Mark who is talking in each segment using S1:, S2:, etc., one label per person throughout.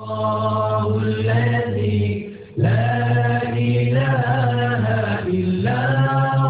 S1: الله الذي لا إله إلا هو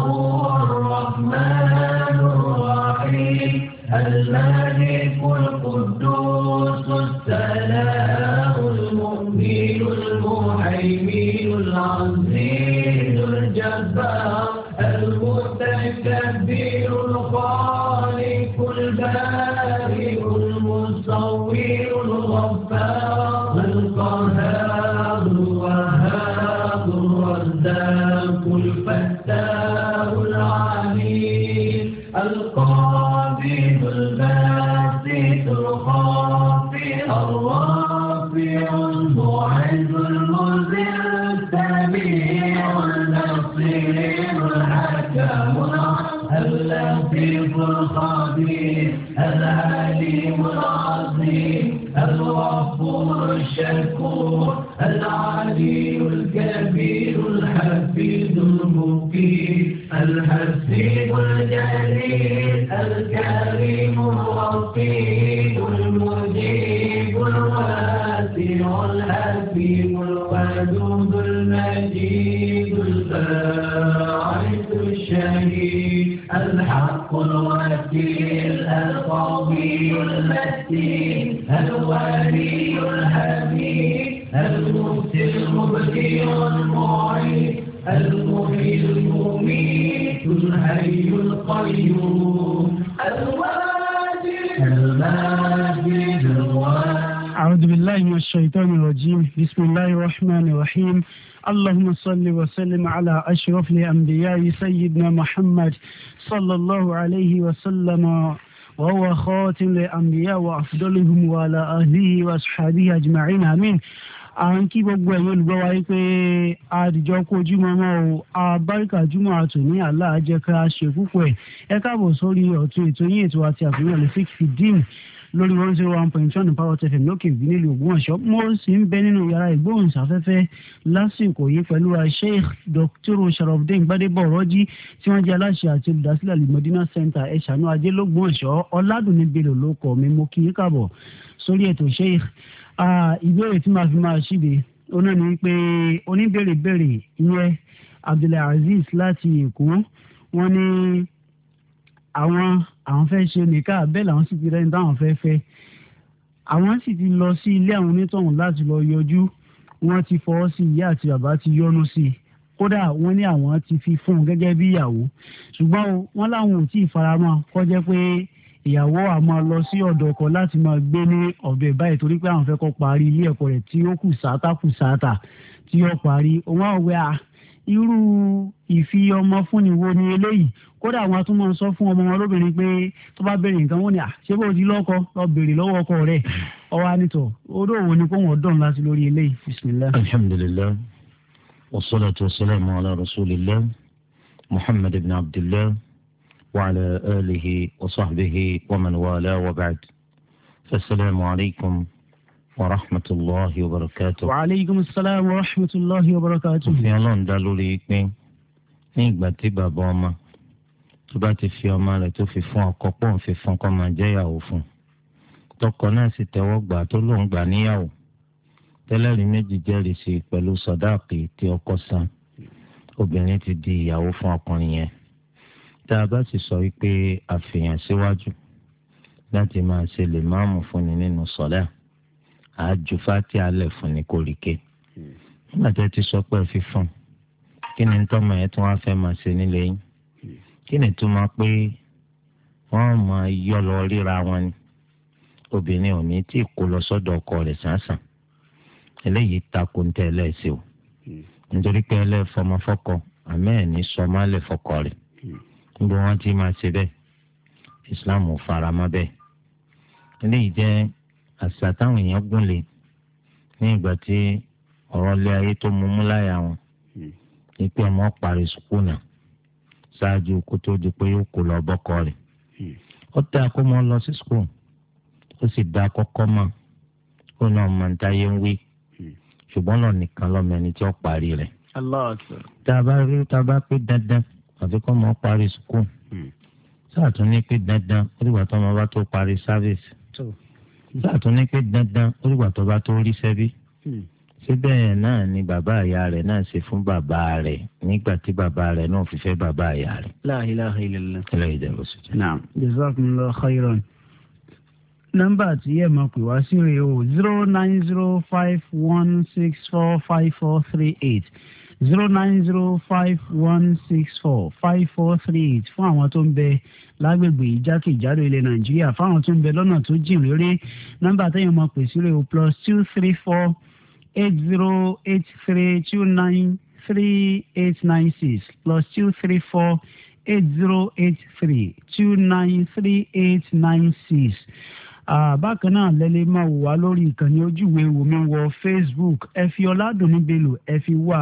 S1: المهدي المهدي الولي المبدي المحيي المميت الحي القيوم أعوذ بالله من
S2: الشيطان الرجيم بسم الله الرحمن الرحيم اللهم صل وسلم على أشرف الأنبياء سيدنا محمد صلى الله عليه وسلم وهو خاتم الأنبياء وأفضلهم وعلى أهله وأصحابه أجمعين آمين à ń kí gbogbo ẹ̀yin olùgbọ́ wa pé àdìjọ kó ojúmọ́ mọ́ o àbáríkà júmọ́ àtòní àlá àjẹká ṣe púpọ̀ ẹ̀ ẹ káàbọ̀ sórí ọ̀tún ètò yín ètò àti àfihàn lè fi fìdí lórí one zero oh one point one power tfm lókè òbí nílùú Ògbómọ̀ṣọ́ mo sì ń bẹ nínú yàrá ìgbóhùnsáfẹ́fẹ́ lásìkò yìí pẹ̀lú sheikh dr sharafdin gbadebo ọrọjì tí wọ́n jẹ́ aláṣẹ àti olùdásílẹ̀ alimọdínà center ẹṣánú ajé lọgbọmọṣọ ọládùnní bello ló kọ mi mo kí í káàbọ̀ sórí ètò sheikh ìbéèrè tí màá fi máa ṣíde ó náà ní pé oníbèrèbèrè ìyẹn abdulaziz láti èkó wọ́n ní àwọn àwọn fẹ́ ṣe nìkan bẹ́ẹ̀ làwọn sì ti rẹ́ni táwọn fẹ́ fẹ́ àwọn sì ti lọ sí ilé àwọn onítọ̀hún láti lọ yọjú wọ́n ti fọwọ́ sí ìyá àti bàbá ti yọ́nú sí i kódà wọ́n ní àwọn ti fi fún un gẹ́gẹ́ bí ìyàwó ṣùgbọ́n wọ́n láwọn ò tí ì faramọ́ kó jẹ́ pé ìyàwó á máa lọ sí ọ̀dọ̀ ọkọ láti máa gbé ní ọ̀dọ̀ ìbáyìí torí pé àwọn fẹ́ kó parí ilé ẹ̀kọ́ rẹ̀ tí ó kù sáátà kù sáátà tí ó parí òun àwọn wẹ́ à irú ìfi ọmọ fúnni wo ni eléyìí kódà àwọn tó máa ń sọ fún ọmọ wọn lóbìnrin pé tó bá béèrè nǹkan wọn ni à ṣé bó ti lọ́kọ lọ béèrè lọ́wọ́ ọkọ rẹ̀ ọwọ́ anìtọ̀ odò wo ni kó wọn
S3: dọ̀n láti lórí eléyìí bisimilah. alhamdulillah wasalaatu wasalaamu ala rasulillah muhammad ibn abdillah wa ala alihi wa sahbihi wa man wala wa ba'd. fasalaamu alaykum warahmatulahi wabarakatu. wa aleykum salaam wa rahmatulahi wabarakatu. òfin ọlọ́run dá lórí pín ní ìgbà tí bàbá ọmọ tó bá ti fi ọmọ rẹ̀ tó fi fún ọkọ pọ̀ ń fi fún kọ́ máa jẹ́ ìyàwó fún tọkọ náà sì tẹ́wọ́ gbà tó lóun gbà níyàwó tẹ́lẹ̀rí méjì jẹ́rìí sí pẹ̀lú sọ̀dáàkì tí ọkọ san obìnrin ti di ìyàwó fún ọkùnrin yẹn tá a bá sì sọ wípé àfihàn síwájú láti máa ṣe lè máàmù fúnni nínú sọ̀lẹ́à àjò fati alẹ̀ fún ni kò rí ti sọ pé fi kí ni tọ́mọ yẹn tí wọ́n fẹ́ máa ṣe nílé yín kí ni tó máa pé wọ́n máa yọ ríra wọn ni obìnrin òní tí kò lọ sọ́dọ̀ ọkọ rẹ̀ sàǹsàn eléyìí takò ń o nítorí pé fọkọ rẹ̀ wọn ti Islam fara bẹ́ẹ̀ eléyìí jẹ́ àṣà táwọn èèyàn gúnlẹ̀ ní ìgbà tí ọ̀rọ̀ ilé ayé tó mumú láyà wọn hmm. ni pé ọmọ parí sùkúù náà ṣáájú kó tó di pé yóò kó lọ bọ́kọ rẹ̀ hmm. ó tẹ akómọ lọ sí sùkúù ó sì dá kọ́kọ́ mọ̀ ó náà mọ̀ ní táyé ń wí hmm. ṣùgbọ́n náà nìkan lọ́mọ ẹni tí ó parí rẹ̀ tá a rí tá a bá pé dandan àfi kọ́ ọmọ parí sùkúù sáà tún ní pé dandan ó dìgbà tó ọmọ bá tó parí sáfíìsì nígbà tó ní pé dandan olùgbà tó bá tó rí sẹ́bí síbẹ̀ hmm. náà ni bàbá àyà rẹ̀ náà ṣe fún bàbá rẹ̀ nígbà tí bàbá rẹ̀ náà fi fẹ́ bàbá àyà rẹ̀. la ilaha illallah. ẹlẹ́yìn ìjà lọ́sùn. naam
S2: jazakumullahu khairan. nọ́mbà tí ẹ máa pè wá sí rèé o zero nine zero five one six four five four three eight zero nine zero five one six four five four three eight fún àwọn tó ń bẹ lágbègbè ìjákèjádò ilẹ̀ nàìjíríà fáwọn tó ń bẹ lọ́nà tó jìn lórí nọ́mbà tẹ́yìn mọ́ pèsè rẹ̀ o plus two three four eight zero eight three two nine three eight nine six plus two three four eight zero eight three two nine three eight nine six bákan náà lẹ́lẹ́ máa wò wá lórí ìkànnì ojúwe wòmí wọ facebook ẹ fi ọ̀làdùnní bello ẹ fi wá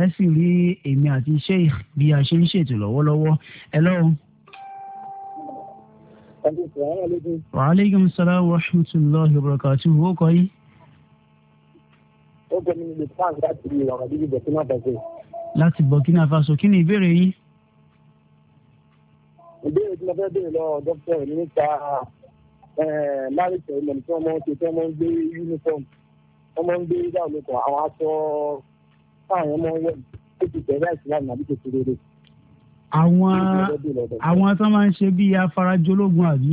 S2: ẹ sì rí èmi àti sheikh bí a ṣe ń ṣètò lọ́wọ́lọ́wọ́ ẹ lọ́wọ́. wa aleykum salaam wa rahmatulahi wa barakatuh wo kọ́ yìí.
S4: ó kọ́ mi lè fáwọn láti rí ìwà àdúgbò burkina faso.
S2: láti burkina faso kí ni ìbéèrè yìí.
S4: ìbéèrè tí mo fẹ́ béèrè lọ dókítà nípa marriage eh, ceremony tí wọ́n máa ń ṣe tí wọ́n máa ń gbé uniform wọ́n máa ń gbé dáhùn àwọn aṣọ táwọn máa wẹ̀ tó ti tẹ̀ láìsí láì nàbí tó ti rere.
S2: àwọn àwọn tó máa ń ṣe bíi afarajológun àbí.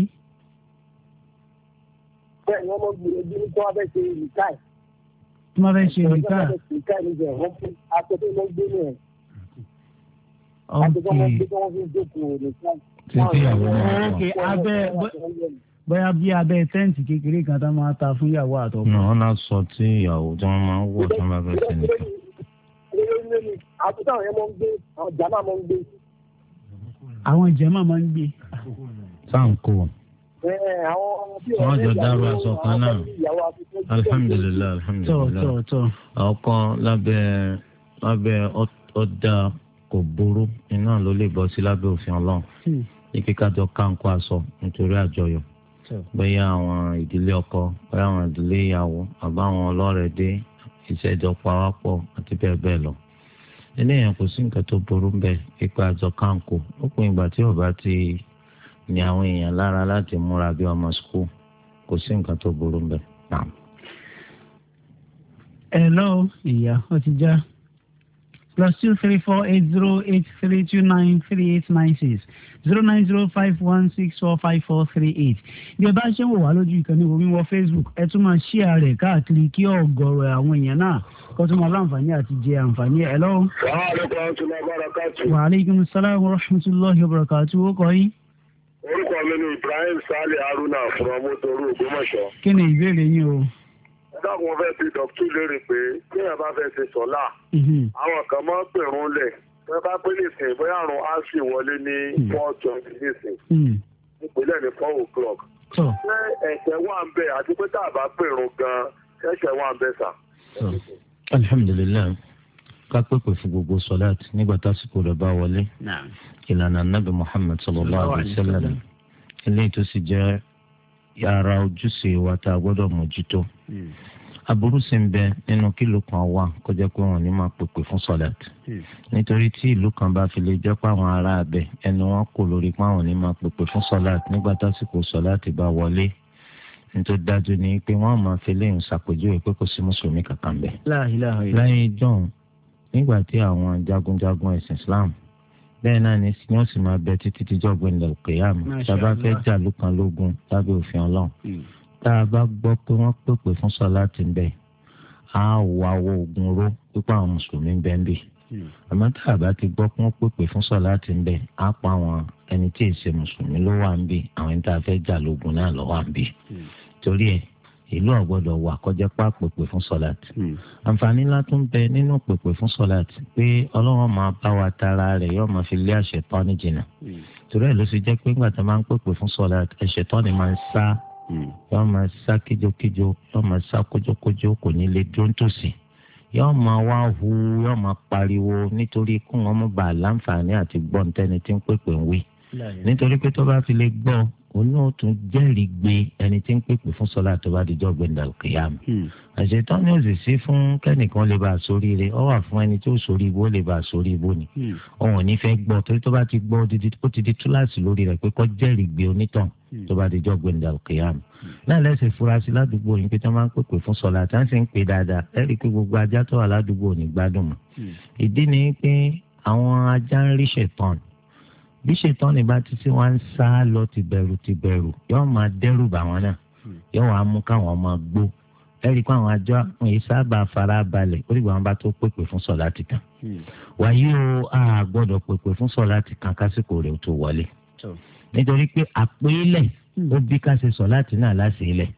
S4: bẹ́ẹ̀ ni wọ́n máa ń gbìyànjú ní kí wọ́n ṣe nìkan
S2: tí wọ́n fẹ́ ṣe nìkan.
S4: nìkan ni jẹ̀ wọ́n aṣọ tó máa ń gbé ní ẹ̀.
S3: ok. aṣọ tó àwọn
S5: ọmọ bóyá
S2: bí abẹ́ tẹ́ǹtì kékeré kan tá máa ta fún ìyàwó àtọkọ. náà wọn
S3: náà sọ tí ìyàwó tí wọn máa
S4: ń wọ tí wọn bá fẹ́ sẹ́ni kan. àwọn
S2: jàmá máa ń gbé. sáǹkó.
S4: wọ́n jọ dárò aṣọ kan náà
S3: alhamdulilayi alhamdulilayi tọ tọ. ọkọ lábẹ́ lábẹ́ ọ̀dà kò burú iná ló lè bọ́ sí lábẹ́ òfin ọlọ́run hmm. ní kíkájọ kánkó aṣọ nítorí àjọyọ̀ bóyá àwọn ìdílé ọkọ bóyá àwọn ìdílé ìyàwó àbá àwọn ọlọ́rẹ̀ dé ìṣẹ́jọ pawápọ̀ àti bẹ́ẹ̀ bẹ́ẹ̀ lọ. eléyàn kò sí nǹkan tó burú bẹ́ẹ̀ ipa àjọ kánkò ó pin ìgbà tí ọba ti ní àwọn èèyàn lára láti múra bí ọmọ skul kò sí nǹkan tó burú bẹ́ẹ̀.
S2: ẹ lọ́wọ́ ìyá ó já plus two three four eight zero eight three two nine three eight nine six zero nine zero five one six four five four three eight. bí ẹ bá ṣe ń wò wá lójú ìkànnì wíwọ facebook ẹ tún máa ṣí ààrẹ káàkiri kí ọ̀gọ̀rọ̀ àwọn èèyàn náà kó tún máa láǹfààní àti jẹ àǹfààní ẹ lọ. wa aleykum salaam wa rahmatulahi wa barakatu ó kọ́ yín.
S4: orúkọ mi ni ibrahim sali haruna from motoro Ògbómọ̀ṣọ́.
S2: kí ni ìbéèrè yín o
S4: táwọn fẹ́ fi dọ̀tú léèrè pé kéèyàn bá fẹ́ ṣe sọ́lá mhm. àwọn kan máa ń pèrún lẹ̀ wọ́n bá pé nìsín bóyá àrùn áṣì wọlé ní mhm. four twenty nìsín mhm. ìpínlẹ̀ ní four o'clock ṣé ẹ̀ṣẹ̀ wà ń bẹ àti pé tá a bá pèrún gan ẹ̀ṣẹ̀ wà ń bẹ sà.
S3: alhamdulilayi ká pèpè fún gbogbo sọláàtì nígbà tásìkò rẹ̀ bá wọlé ìlànà nabi muhammad sallallahu alayhi wa eléyìí tó sì jẹ́ yàrá ojúṣe wa tá a gbọ́dọ̀ mójútó hmm. aburú sì ń bẹ nínú kílò kan wà kọjá pé wọn ní máa pèpè fún sọlẹt hmm. nítorí tí ìlú kan bá fi lè jẹ páwọn ará abẹ ẹnu wọn kò lórí páwọn ní máa pèpè fún sọlẹt nígbà tásìkò sọlẹt bá wọlé nítorí dájú ni pé wọn máa fi léyìn ṣàpèjúwe pé kò sí mùsùlùmí kankan bẹ. láyé john nígbà tí àwọn jagunjagun ẹ̀sìn islam bẹ́ẹ̀ náà ni wọ́n sì máa bẹ títí tíjọ́ gbẹ̀ndẹ̀ òkèèyàn tábà fẹ́ jà lùkàn lógun lábẹ́ òfin ọlọ́run hmm. tá a bá gbọ́ pé wọ́n pèpè fún sọ́lá ti ń bẹ̀ á wà wọ ogun ró pípa àwọn mùsùlùmí ń bẹ́ ń bì hmm. àmọ́ tá a bá ti gbọ́ pé wọ́n pèpè fún sọ́lá ti ń bẹ̀ á pa àwọn ẹni tí ì ṣe mùsùlùmí ló wà ń bì àwọn ẹni tá a fẹ́ jà lógun náà ló wà ń bì hmm. torí ẹ̀ ìlú ọ̀gbọ́dọ̀ wà kọjá pa fún sọ́láàtì. Hmm. àǹfààní ńlá tún bẹ nínú pèpè fún sọ́láàtì pé ọlọ́run máa bá wa tara rẹ̀ yóò máa fi lé àṣetán ní jìnnà. Hmm. torí ẹ̀ ló ṣe jẹ́ pé ńgbà tó máa ń pèpè fún sọ́láàtì àṣetán ni máa ń sá hmm. yóò máa sá kíjokíjo yóò máa sá kójókójó kò ní lè dúró tòsí yóò máa wá hu yóò máa pariwo nítorí kún ọmọ bàa láǹfààní àti gbọ́ntẹ́ni tí ń pèpè ń wí gbọ́ òun náà tún jẹ́rìí gbé ẹni tí ń pèpè fún sọlá tó bá dijọ́ gbẹ̀ndàlù kìyàmù. Hmm. àṣetán ni ó sì sí fún kẹ́nìkan lè bá a sórí rẹ̀ ọ wà fún ẹni tó sórí ibò lè bá a sórí ibò ni. ọ̀hún hmm. ní fẹ́ gbọ́ torí tó bá ti gbọ́ ó ti di túláàsì lórí rẹ̀ pé kó jẹ́rìí gbé onítàn hmm. tó bá dijọ́ gbẹ̀ndàlù kìyàmù. náà lẹ́sẹ̀ furasí ládùúgbò yìí pé tó máa ń pèpè fún sọlá tá à ń sì ń pè dáadáa ẹ rí i pé gbogbo ajá tó wà ládùúgbò ní gbádùn mọ́. ìdí ni pé àwọn ajá ń rí ṣẹ̀tàn bí ṣètọ́ni bá ti tí wọ́n ń sá lọ ti bẹ̀rù ti bẹ̀rù yóò máa dẹ́rù bà wọ́n náà hmm. yóò wá mú káwọn máa gbó ẹ̀rí pé àwọn àjọ àwọn yìí sábà fara balẹ̀ ó dìgbà wọn bá tó pèpè fún sọ̀lá ti kàn hmm. wàyí o a gbọ́dọ̀ pèpè fún sọ̀lá ti kàn kásìkò rẹ̀ tó wọlé nítorí pé àpéélẹ̀ hmm. ó bí ká ṣe sọ̀lá ti náà láṣẹ ilẹ̀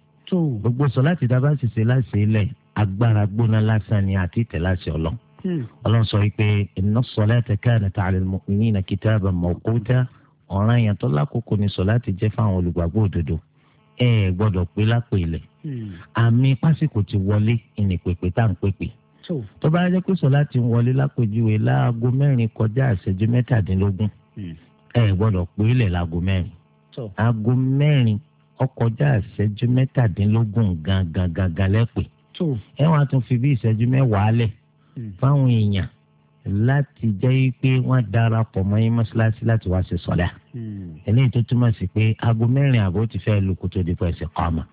S3: gbogbo sọ̀lá ti dábàá ṣiṣẹ́ láṣẹ ilẹ̀ agbára gbóná lásán ni àti ìtẹ̀ láṣẹ ọlọ́run ọlọ́run sọ wípé inna salata kanat ala al-mu'minina kitaban mawquta ọ̀ràn yẹn tó lákòókò ni sọ̀láàtì jẹ́ fáwọn olùgbàgbọ́ òdodo ẹ ẹ gbọ́dọ̀ pé lápè ilẹ̀ àmì pásìkò ti wọlé ìnìpèpè tá à ń pèpè tó bá jẹ́ pé sọ̀láàtì ń wọlé lápèjúwe láago mẹ́rin kọjá ìṣẹ́jú mẹ́tàdínlógún ẹ gbọ́dọ̀ pé ilẹ̀ láago mẹ́rin aago mẹ́rin ọkọjá ìṣẹ́jú mẹ́tàdínlógún gangan gangan lẹ́pẹ̀ ẹ wọ́n á tún fi bí ìṣẹ́jú mẹ́wàá lẹ̀ fáwọn èèyàn láti jẹ́ pé wọ́n darapọ̀ mọ́ yín mọ́ṣáláṣí láti wá ṣe sọ́lá. Hmm. eléyìí tó túmọ̀ sí pé aago mẹ́rin àbọ̀ ti fẹ́ lu kótó dípò ẹ̀sìn kọ́ọ̀mà.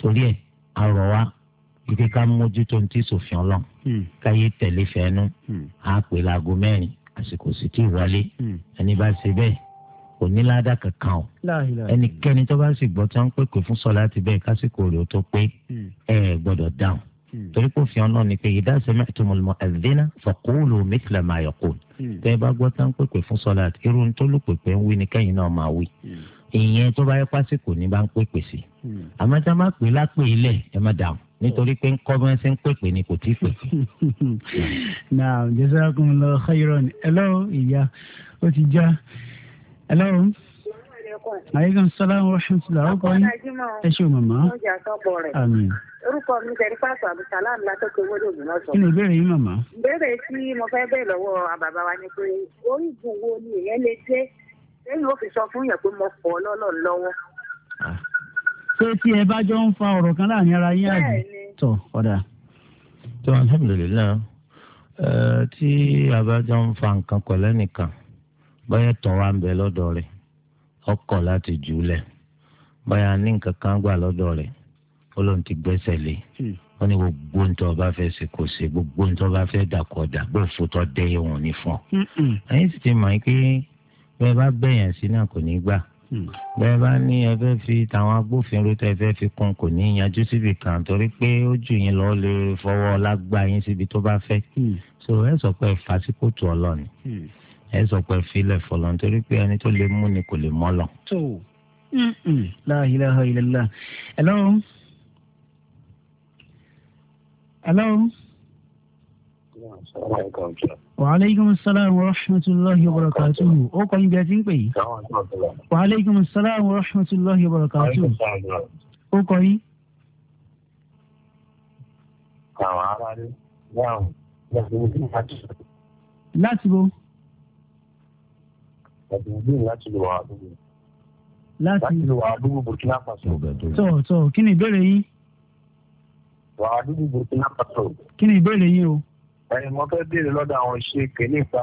S3: torí ẹ̀ arọ̀ wa ike ká mójútó ti sòfin ọlọ́run hmm. káyé tẹ̀lé fẹ́ẹ́nu á hmm. pè láago mẹ́rin àsìkò sì ti wọlé ẹni bá ṣe bẹ́ẹ̀ kò ní ládà kankan o ẹnikẹ́ni tó bá sì gbọ́ tí wọ́n ń pèpè fún sọ́lá ti bẹ́ẹ̀ kásìkò rẹ̀ ó tó pé ẹ gbọ́dọ̀ dáhùn. Hmm. torí kò fi ọ̀nà ni pé idha sami'tumul mu'adhdhina faqulu mithla ma yaqul. Hmm. tẹ́ ẹ bá gbọ́ tán pèpè fún sọ́lá irú tó lù pèpè ń wí ni kẹ́yìn náà máa wí. Hmm. ìyẹn tó bá yẹ pásíkò ní bá ń pèpè sí. àmọ́ tá a máa pè lápè ilẹ̀ ẹ má dàrú nítorí pé ń kọ́ bí wọ́n ń pèpè ni kò tí ì pè. naam jazakumullahu khairan hello ìyá
S2: ó ti já hello aleykum salaam wa rahmatulah
S4: ọkọ o ẹ ṣe màmá. ọjà sọpọ rẹ orúkọ mi tẹ̀lé pàṣẹ abdulsalam látọ̀kẹ́ wọlé òmìnira sọ. kí ni ìbéèrè yín màmá. ìbéèrè tí mo fẹ́ bẹ́ẹ̀ lọ́wọ́ bàbá wa ni pé orígun wo ni èèyàn lè dé lẹ́yìn ó fi sọ fún yẹn pé mo fọ́ lọ́lọ́ lọ́wọ́.
S2: Ah. ṣé tí ẹ bá jọ ń fa ọ̀rọ̀ kan láàrin ara yín àbí
S3: tọ̀ ọ̀dà. tó alhamdulilayi eh, tí a bá jọ ń fa nǹkan pẹ̀lẹ́ nìkan báyẹn tọ̀ wá ń bẹ lọ́dọ̀ rẹ̀ ọkọ̀ láti jùlẹ̀ báyà ní nǹkan kan gbà lọ́dọ̀ rẹ̀ ó lóun ti gbẹ́sẹ̀ lé hmm. ó ní gbogbo ń tọ́ ọba fẹ́ ṣe kò ṣe gbogbo ń tọ́ ọba fẹ́ dàkọ̀dà bó fòtọ́ dẹ́ ìwọ̀n ní fún ọ. ẹ̀yin sì ti mọ̀ pé bẹ́ẹ̀ bá bẹ̀yàn sí náà kò ní gbà hmm. bẹ́ẹ̀ bá ní ẹ fẹ́ fi tàwọn agbófinró tẹ́ fẹ́ fi kún kò ní yanjú síbi kan torí pé ó jù yín lọ lè fọwọ́ lágbá yín síbi tó bá fẹ́ hmm. so ẹ sọ pé fàṣíkòtò ọlọ́ni ẹ sọ pé filẹ̀ fọlọ́ nítorí pé ẹni tó lè mú ni kò lè mọ́ lọ.
S5: tó la
S2: ilaha illallah la. hello. Wa aleykum salaam wa rahmatulahi wa barakatuhu. Ó kọ́ yín bí ẹ ti ń pè yìí. Wa aleykum salaam
S4: àdúgbò láti lò wà àdúgbò. láti lò
S2: ìbéèrè yín.
S4: burkina faso. ìbéèrè yín o. ẹni mo fẹ́ béèrè lọ́dọ̀ àwọn ṣe kè nípa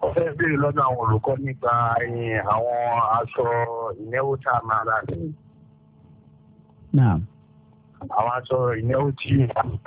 S4: mo fẹ́ béèrè lọ́dọ̀ àwọn olùkọ́ nípa àwọn aṣọ ìnáwó tá a máa rà aṣọ ìnáwó tí a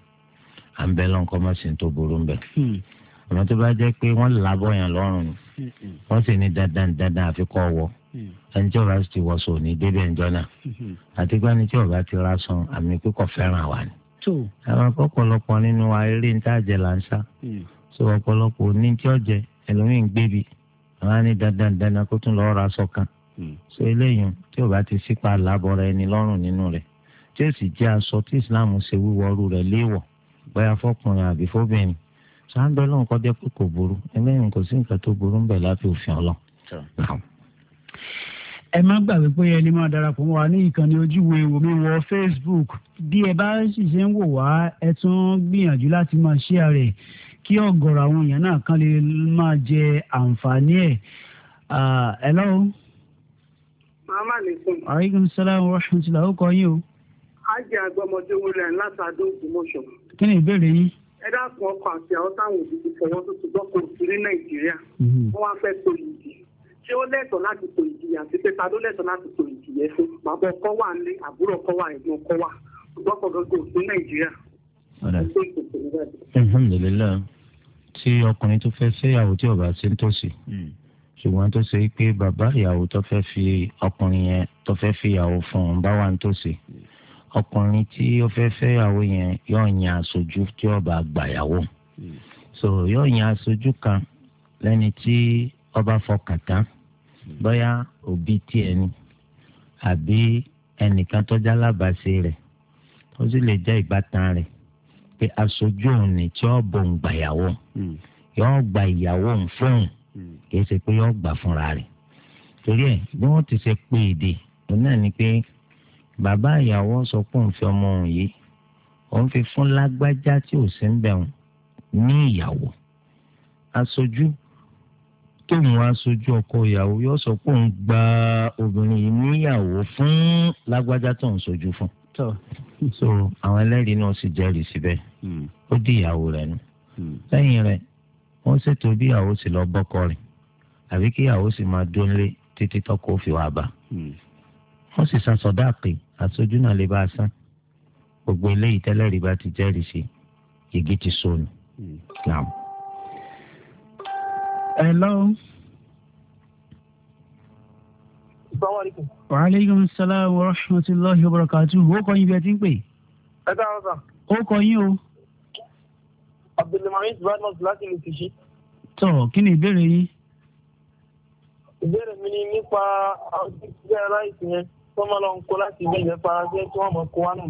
S3: à ń bẹ lọ́nkọ́ má sì ń tó burú ń bẹ̀. Hmm. àmọ́ tó bá jẹ́ pé wọ́n làbọ̀ yàn lọ́rùn hmm. wọ́n sì ní dandan dandan àfikọ́ wọ hmm. ẹni tí ọba ti wọ sọ ní débẹ̀ ńjọ́ náà àti pé ẹni tí ọba ti ra san àmì kíkọ fẹ́ràn wa ni. àwọn akọ́pọ̀lọpọ̀ nínú wa eré ń tà jẹ́ lansa so ọ̀pọ̀lọpọ̀ ní tí ọ̀jẹ̀ ẹlòmíín gbébi àwọn á ní dandan dandan kó tún lọ́ọ́ ra sọ kan so eléyìí tí ọba ti sípa làbọ̀ rẹ ni lọ́rùn nínú rẹ̀ tí ó sì jẹ́ aṣọ tí Islam ṣe wíwọ́rú rẹ̀ léèwọ̀ bóyá fọkùnrin àbí fóbìnrin sáńbẹ́ lóun kọjá pé kò burú ẹlẹ́yìn kò sí nǹkan tó burú ń bẹ̀ láti òfin ọlọ́. ẹ má gbàgbé pé ẹni máa darapọ̀
S2: wá ní ìkànnì ojúwe omi wọ Facebook bí ẹ bá sì ṣe ń wò wá ẹ tún gbìyànjú láti máa share rẹ̀ kí ọ̀gọ̀rọ̀ àwọn èèyàn náà kàn lè máa jẹ àǹfààní ẹ̀. hello.
S4: màmá nìkan.
S2: aleykum salaam wa rahmatulah ó kọ yín o.
S4: ajé àgbọmọdé wúlẹ̀ látàdó ògbómọ̀ṣọ́
S2: kí ni ìbéèrè yín.
S4: ẹ dákun ọkọ àti àwọn táwọn òbí ti fọwọ́ tó ti gbọ́ kó sí ní nàìjíríà mhm. wọ́n wá fẹ́ so ìdí ṣé ó lẹ́tọ̀ọ́ láti so ìdí àti pé ta ló lẹ́tọ̀ọ́ láti so ìdí yẹn fún bàbá ọkọ wà ní àbúrò ọkọ wà ẹ̀gbọ́n ọkọ wà ṣùgbọ́n kò gbọ́dọ̀ sí nàìjíríà.
S3: alhamdulilayi tí ọkùnrin tó fẹ́ ṣèyàwó tí ọba ṣe ń tòsí ṣùgbọ́n tó ṣe pé bàbá ìyàwó tó fẹ́ fi ọkùnrin yẹn tó fẹ́ fi ìyàwó fún un bá wà ń tòsí. Hmm ọkùnrin tí ó fẹ́ fẹ́yàwó yẹn yóò yan aṣojú tí ó bá gbàyàwó hmm. so yóò yan aṣojú kan lẹ́ni tí ó bá hmm. bóyá òbí tiẹ̀ ni àbí ẹnìkan tó já lábàáṣe rẹ̀ ó sì lè jẹ́ ìbátan rẹ̀ pé aṣojú òun ni tí ó bọ̀ ń gbàyàwó hmm. yóò gba ìyàwó òun fóun kì í ṣe pé yóò gbà fúnra rẹ̀ torí ẹ̀ bí wọ́n ti ṣe pé èdè òun náà ni pé bàbá ìyàwó sọ pé òun fi ọmọ òun yìí òun fi fún lágbájá tí ò sí ń bẹ̀ òun ní ìyàwó aṣojú tóun aṣojú ọkọ ìyàwó yóò sọ pé òun gba obìnrin yìí níyàwó fún lágbájá tó ń ṣojú fún. so àwọn ẹlẹ́rìí náà sì jẹ́rìí síbẹ̀ hmm. ó di ìyàwó rẹ̀ nù. Hmm. lẹ́yìn rẹ̀ wọ́n ṣètò bí ìyàwó sì lọ bọ́kọ rẹ̀ àbí kí ìyàwó sì máa dóńlé títí tọ́kọ fi wá bá. Hmm wọ́n sì san sọ̀dáàpè aṣojú náà lè bá a san gbogbo eléyìí tẹ́lẹ̀rí bá ti jẹ́rìí sí igi ti sọnù. Hmm. hello.
S4: salaamaleykum.
S2: waaleykum salaam wa rahmatulahi wa barakatuh ó kọ́ yín bí ẹ ti ń pè. ẹ ká ọ̀sán. ó kọ́ yín o.
S4: abdulmanin badmus láti lè fi ṣí.
S2: tọ́ kí ni ìbéèrè yín.
S4: ìbéèrè mi ni nípa àwọn tí wọ́n ti jẹ́ aláìsí yẹn tọ́mọ lọ ń kó láti ilé ilẹ̀ faransé tí wọ́n mọ̀ kó wá nù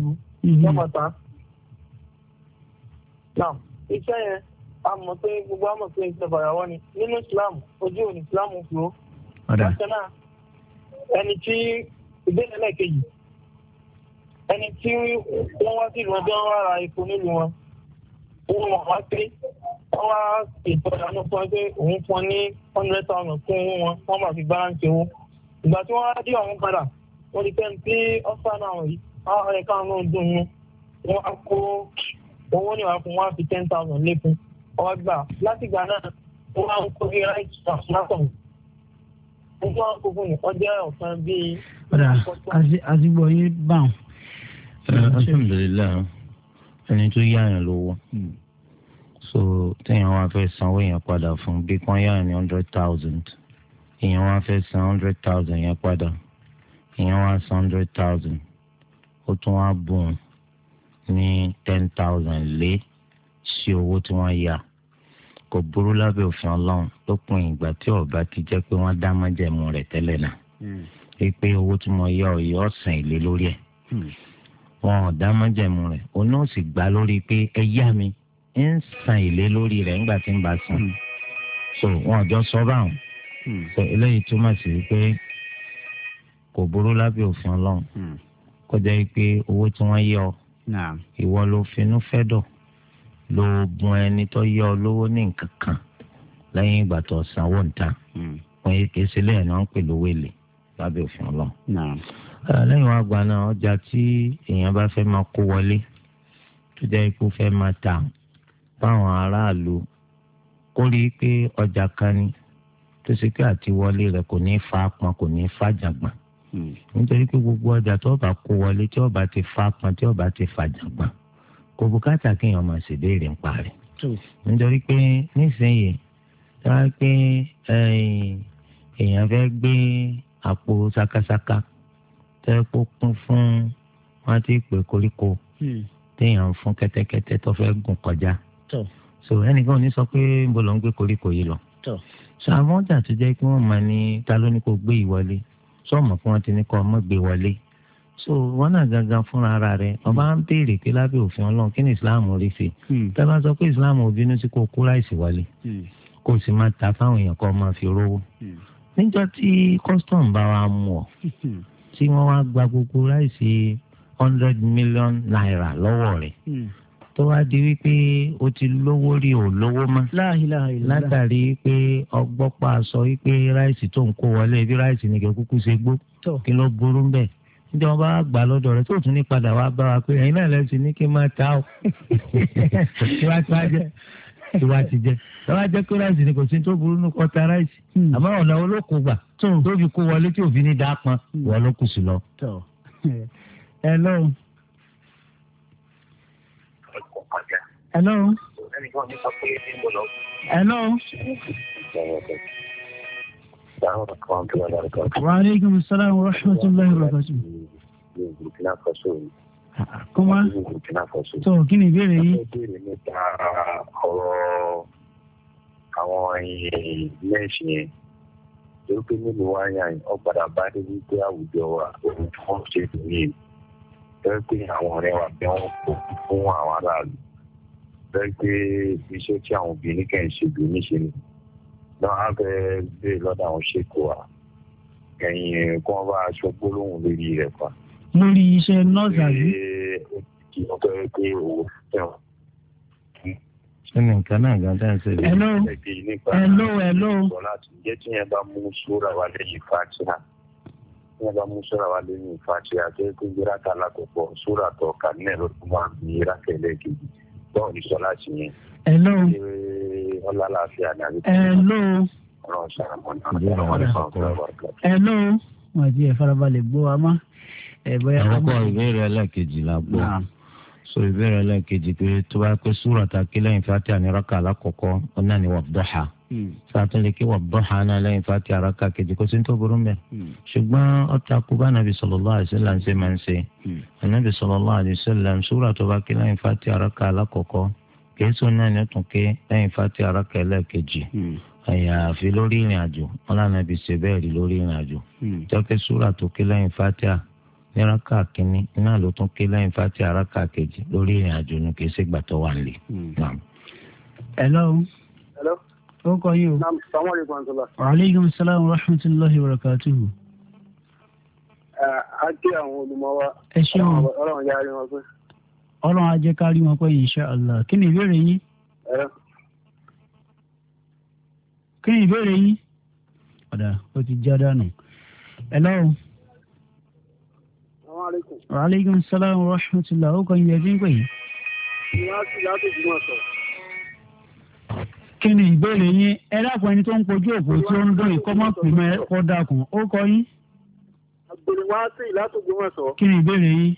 S4: mí lọ́mọ náà iṣẹ́ yẹn a mọ̀ pé gbogbo a mọ̀ pé iṣẹ́ fàyàwọ́ ni nínú islam ojú òní islam fúró. bákan náà ẹni tí ìbéèrè lẹ́ẹ̀kejì ẹni tí wọ́n wá sí ìlú ọjọ́ wá ra epo nílùú wọn wọ́n mọ̀ wá pé wọ́n wá ìtọ́jà náà fún ẹ pé òun fún ọ ní one hundred thousand fún owó wọn wọ́n máa fi balance owó ìgbà tí wọ́n á dé ọ̀hún padà wọ́n ti tẹ́ni pé ọ́fà náà wọ̀nyí àwọn ẹ̀ka àwọn náà dùn ún wọ́n á kó owó níwàá fún wọn á fi ten thousand lékún ọwọ́ gbà látìgbà náà wọ́n á kó bí ráìtì transmission ojú àwọn kókó ní ọjọ́ ọ̀kan bíi.
S5: ọ̀dà
S2: àdìgbò yín bá wọn.
S3: alhamdulilayi ẹni tó yáyàn lówó so téèyàn wá fẹ́ sanwó yẹn padà fún bí kan yáyàn ní hundred thousand èèyàn wá fẹ́ san hundred thousand yẹn padà ìyẹn wá hundred thousand ó tún wá bùn ní ten thousand lé sí owó tí wọ́n yá kò burú lábẹ́ òfin ọlọ́run lópin ìgbà tí ọba ti jẹ́ pé wọ́n dá májẹ̀mú rẹ̀ tẹ́lẹ̀ náà
S5: hmm.
S3: pé owó tí mo yá ọ̀yọ́ ọ̀sán ìlé lórí ẹ̀ hmm. wọn ò dá májẹ̀mú rẹ̀ òun náà sì gbá lórí pé ẹ yá mi ń san ìlé lórí rẹ̀ nígbà tí ń bá san hmm. so wọn ò jọ sọ báwọn so eléyìí túmọ̀ sí pé kò burú lábẹ́ òfin ọlọ́run hmm. kó jẹ́ pé owó tí wọ́n yọ ìwọ ló finú fẹ́ dọ̀ ló bùn ẹni tó yọ ọ lówó ní nǹkan kan lẹ́yìn ìgbà tó sanwó níta hmm. wọ́n yé kìí ṣe lẹ́yìn náà ń pè lówó èlé lábẹ́ òfin ọlọ́run. lẹ́yìn wá gba náà ọjà tí èèyàn bá fẹ́ máa kó wọlé tó jẹ́ pé ó fẹ́ máa ta báwọn aráàlú kó rí i pé ọjà kan ni tó ṣe pé àti wọlé rẹ̀ kò ní fa pọn kò ní fa jàgbọ́n nítorí pé gbogbo ọjà tí ọba kó wọlé tí ọba ti fa pọn tí ọba ti fa jàgbọn kò bùkátà kéèyàn máa ṣèbéèrè ń parí. nítorí pé nísìnyìí tí wọ́n pé eh, èèyàn fẹ́ gbé àpò sakasaka tẹ́ kó kún fún wọ́n ti pè koríko hmm. téèyàn ń fún kẹ́tẹ́kẹ́tẹ́ tó fẹ́ gùn kọjá. so ẹnìkan ò ní sọ pé ń bọ̀ lọ gbé koríko yìí lọ. so àwọn ọjà tó jẹ́ kí wọ́n máa ní ta ló ní kó gbé ìwọlé sọ́ọ̀mù kí wọ́n ti ní kọ́ ọmọ gbé wọlé so wọn náà gangan fúnra ara rẹ ọba ń béèrè pé lábẹ́ òfin Ọlọ́run kí ni Islam rí fi hmm. tẹlifà sọ pé Islam obìnrin sí kó kó ráìsì wọlé hmm. kó sì máa ta fáwọn èèyàn kó máa fi rówó hmm. níjọ́ tí custom bá wa mú ọ tí wọ́n wá gba gbogbo ráìsì hundred million naira lọ́wọ́ rẹ̀ tó wá di wípé o ti lówó rí o lówó mọ́. látàrí pé ọgbọ́n pa sọ wípé ráìsì tó ń kó wọlé bí ráìsì ni kò kúkú ṣe gbó kí ló burú bẹ́ẹ̀ níjẹ́ wọn bá gbà lọ́dọ̀ rẹ tó tún ní padà wá bá wa pé ẹ̀yin náà lẹ́sìn ní kí n máa ta o tiwa tiwa jẹ́ tiwa ti jẹ́ tiwa jẹ́ pé ráìsì ni kò sí tó burú nù kọ́ ta ráìsì hmm. àmọ́ ọ̀nà olóko gbà tó fi kó wọlé tí òfin ní dáa pọn hmm. wọ́n ló kù sí lọ. ẹ lọ́hùn.
S4: hello.
S1: hello.
S5: wa
S2: aleykum salaam wa rahmatulahi wa
S4: barakatuh. kọ́má
S2: tó kí ni ìbéèrè
S4: yìí. ìbéèrè nípa ọ̀rọ̀ àwọn mẹ́ẹ̀sì yẹn torí pé nínú wáyà yìí ọ̀padà bá dé wípé àwùjọ wa òun tó ń ṣe tòun yìí torí àwọn ọ̀rẹ́ wa bí wọ́n kó fún àwọn aráàlú bẹ́ẹ̀ pé iṣẹ́ tí àwọn obìnrin kàn ṣe bí níṣe ni náà á fẹ́ gbé lọ́dọ̀ àwọn ṣèkó wa ẹ̀yìn kí bá aṣọ gbólóhùn lórí rẹ̀ pa. lórí iṣẹ́ nọ́ọ̀sì àbí. kí wọ́n fẹ́ pé owó tẹ̀wọ̀n. kí
S3: ni nǹkan náà gan tẹ́ ń ṣe. hello
S4: hello hello. ọ̀la tó jẹ́ tí yẹn bá mú sóra wa lẹ́yìn fatia tí yẹn bá mú sóra wa lẹ́yìn fatia tó yẹ kó yẹra kala kò pọ̀ sóra tó kà ní ẹ̀rọ tó máa bọ́ọ̀
S5: ní sọlá sí yẹn. hello. ọlá láàfin àdàbí. hello. ọlọ́run sọ̀rọ̀
S3: mọ́ náà.
S2: hello. wọn àti ẹ farabalẹ̀ gbọ́ wa má.
S5: àkọ́kọ́
S3: ìbéèrè ẹlẹ́ẹ̀kejì la gbọ́ so ìbéèrè ẹlẹ́ẹ̀kejì pé tó bá pẹ́ súrà ta kílẹ̀ ìfàtí àníràkà alákọ̀ọ́kọ́ ọ náà ni wàá dọ́ha. Hmm. sàtúndì kí wọ́n bọ́ hànà lẹ́yìn fati araka kejì kó sínú tó burú mẹ́. Hmm. ṣùgbọ́n ọ̀tá kúbá nàbì sallallahu alaihi wasallam ṣe máa ń ṣe. Hmm. nàbì sallallahu alaihi wasallam sùúrà tó bá ké lẹ́yìn fati araka alákọ̀ọ́kọ́ kèésù náà ni ó tún ké lẹ́yìn fati araka ẹlẹ́ẹ̀kejì. àyàfi lórí ìrìn àjò wọn lànà bí ṣe bẹ́ẹ̀ rí lórí ìrìn àjò. jọ́kẹ́ sùúrà tó ké lẹ́yìn fati ní kínní náà ló tún ké lẹ́yìn fati araka kejì lórí ìrìn àjò ni kèésì gbàtọ́ wà nílé. hello.
S4: hello. ó kọ yín o.
S2: aleykum salaam wa rahmatulahi wa barakatuhu.
S4: a kí àwọn olùmọ̀ wa. ẹ ṣeun ọlọ́run yára rí wọn pé.
S2: ọlọ́run á jẹ́ ká rí wọn pé insha allah kí ni ìbéèrè yín. kí ni ìbéèrè yín. ọ̀dà ó ti já dànù. hello. waaleykum salaam wa rahmatulah ó kọ yín ẹ fi ń pè yín. kí ni ìbéèrè yín ẹ dákun ẹni tó ń kojú òfò tí ó ń dún ìkọ́mọ́ pèmọ́ ẹ
S4: kọ́ dákun ó kọ yín. àgbèrèwáṣí látògbómọ̀ṣọ́. kí ni ìbéèrè yín.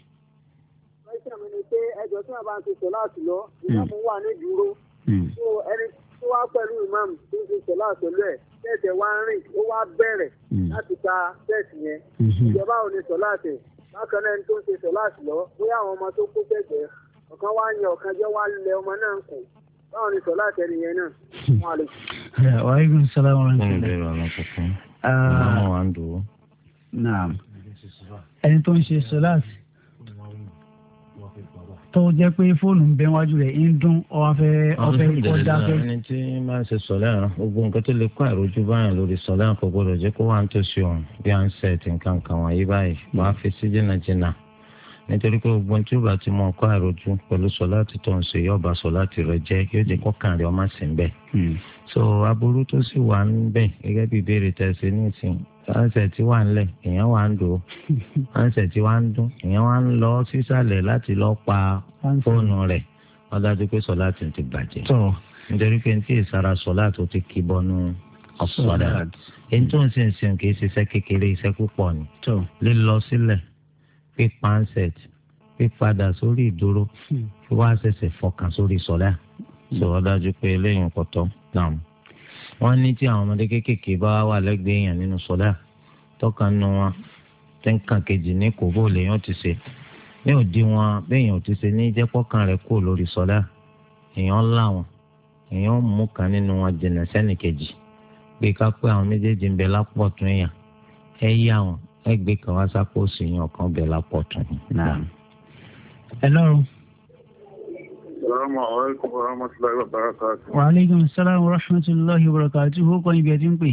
S4: ẹ̀ṣẹ̀ mi ni pé ẹjọ́ tí wọ́n bá ń ti sọ láti lọ hmm. ìmáàmù wà ní ìdúró. Hmm. so ẹni tó wá pẹ̀lú ìmáàmù tó ń ti sọ láti lọ ẹ̀ tẹ̀sẹ̀ wá ń rìn ó wá bẹ̀rẹ̀ hmm. láti ta tẹ̀sì yẹn. ìjọba ò ní sọ láti bákan náà ẹni tó ń ti sọ báwo ni sọlá àtẹni yẹn náà wọn àlè.
S5: wàá yí kún sọlá wọn ṣe
S3: lè. Ah.
S2: ẹni tó ń ṣe sọlá tó jẹ́ pé fóònù ń bẹ wájú rẹ̀ ń dún ọ̀fẹ́ ọ̀fẹ́ ìkọ́dáfẹ́.
S3: ẹni tí máa ń ṣe sọ̀lá gbogbo nǹkan tó lè kó àìrójú báyìí lórí sọ̀lá kò gbọdọ̀ jẹ́ kó wà ń tòṣì ọ̀hún bí à ń ṣe ẹ̀tì nǹkan kan wọ̀nyí báyìí wàá fi sí jìnnàjìnnà nítorí pé gbogbo tí ó bá ti mọ ọkọ àròjù pẹ̀lú sọláàtì tó ń ṣe yóò bá sọláàtì rẹ jẹ́ yóò jẹ́ kọ́kàn rẹ ọmọ sí bẹ́ẹ̀. Hmm. so aburú tó sì wà ń bẹ̀ gẹ́gẹ́ bí ìbéèrè tẹ̀sí ní ìsìn ansẹ̀ tí wà ń lẹ̀ èèyàn wà ń dò ó ansẹ̀ tí wà ń dún èèyàn wà ń lọ sísàlẹ̀ láti lọ pa fóònù rẹ̀ wọ́n dájú pé sọláàtì ti bàjẹ́. nítorí pé tí ìsara sọláàtì ó ti kí bọ́nú ọ̀sọ̀dà èyí tó ń sìn sìn kì í ṣiṣẹ́ kékeré iṣẹ́ púpọ̀ ni lílọ sílẹ̀ pípa ansẹt pípadà sórí ìdúró hmm. kí wọ́n á ṣẹ̀ṣẹ̀ fọkàn sórí sọ̀lá hmm. sọ̀rọ̀ dájú pé eléyìí kò tọ́ náà wọ́n ní tí àwọn ọmọdé kéékèèké bá wà lẹ́gbẹ̀ẹ́ èèyàn nínú sọ̀lá tọ́ka nù wọn tẹ́ǹkà kejì ní kò bó lèèyàn ti ṣe ní òdi wọn béèyàn ti ṣe ní jẹ́pọ̀kan rẹ̀ kúrò lórí sọ̀lá èèyàn ńlá èèyàn mú kan nínú wọn jìnnà sẹ́nìkejì pé ká pé àwọn méjèèjì ń bẹ lápọ̀ tún èèyàn ẹ yá wọn ẹgbẹ́ kan wá sápò sí yín ọ̀kan bẹ̀ lápọ̀ tún. hello.
S4: salaamu alaykum wa rahmatulahi wa barakatu. wa
S2: aleykum salaam wa rahmatulahi wa barakatu. ó kọ́ ibi ẹ ti ń pè.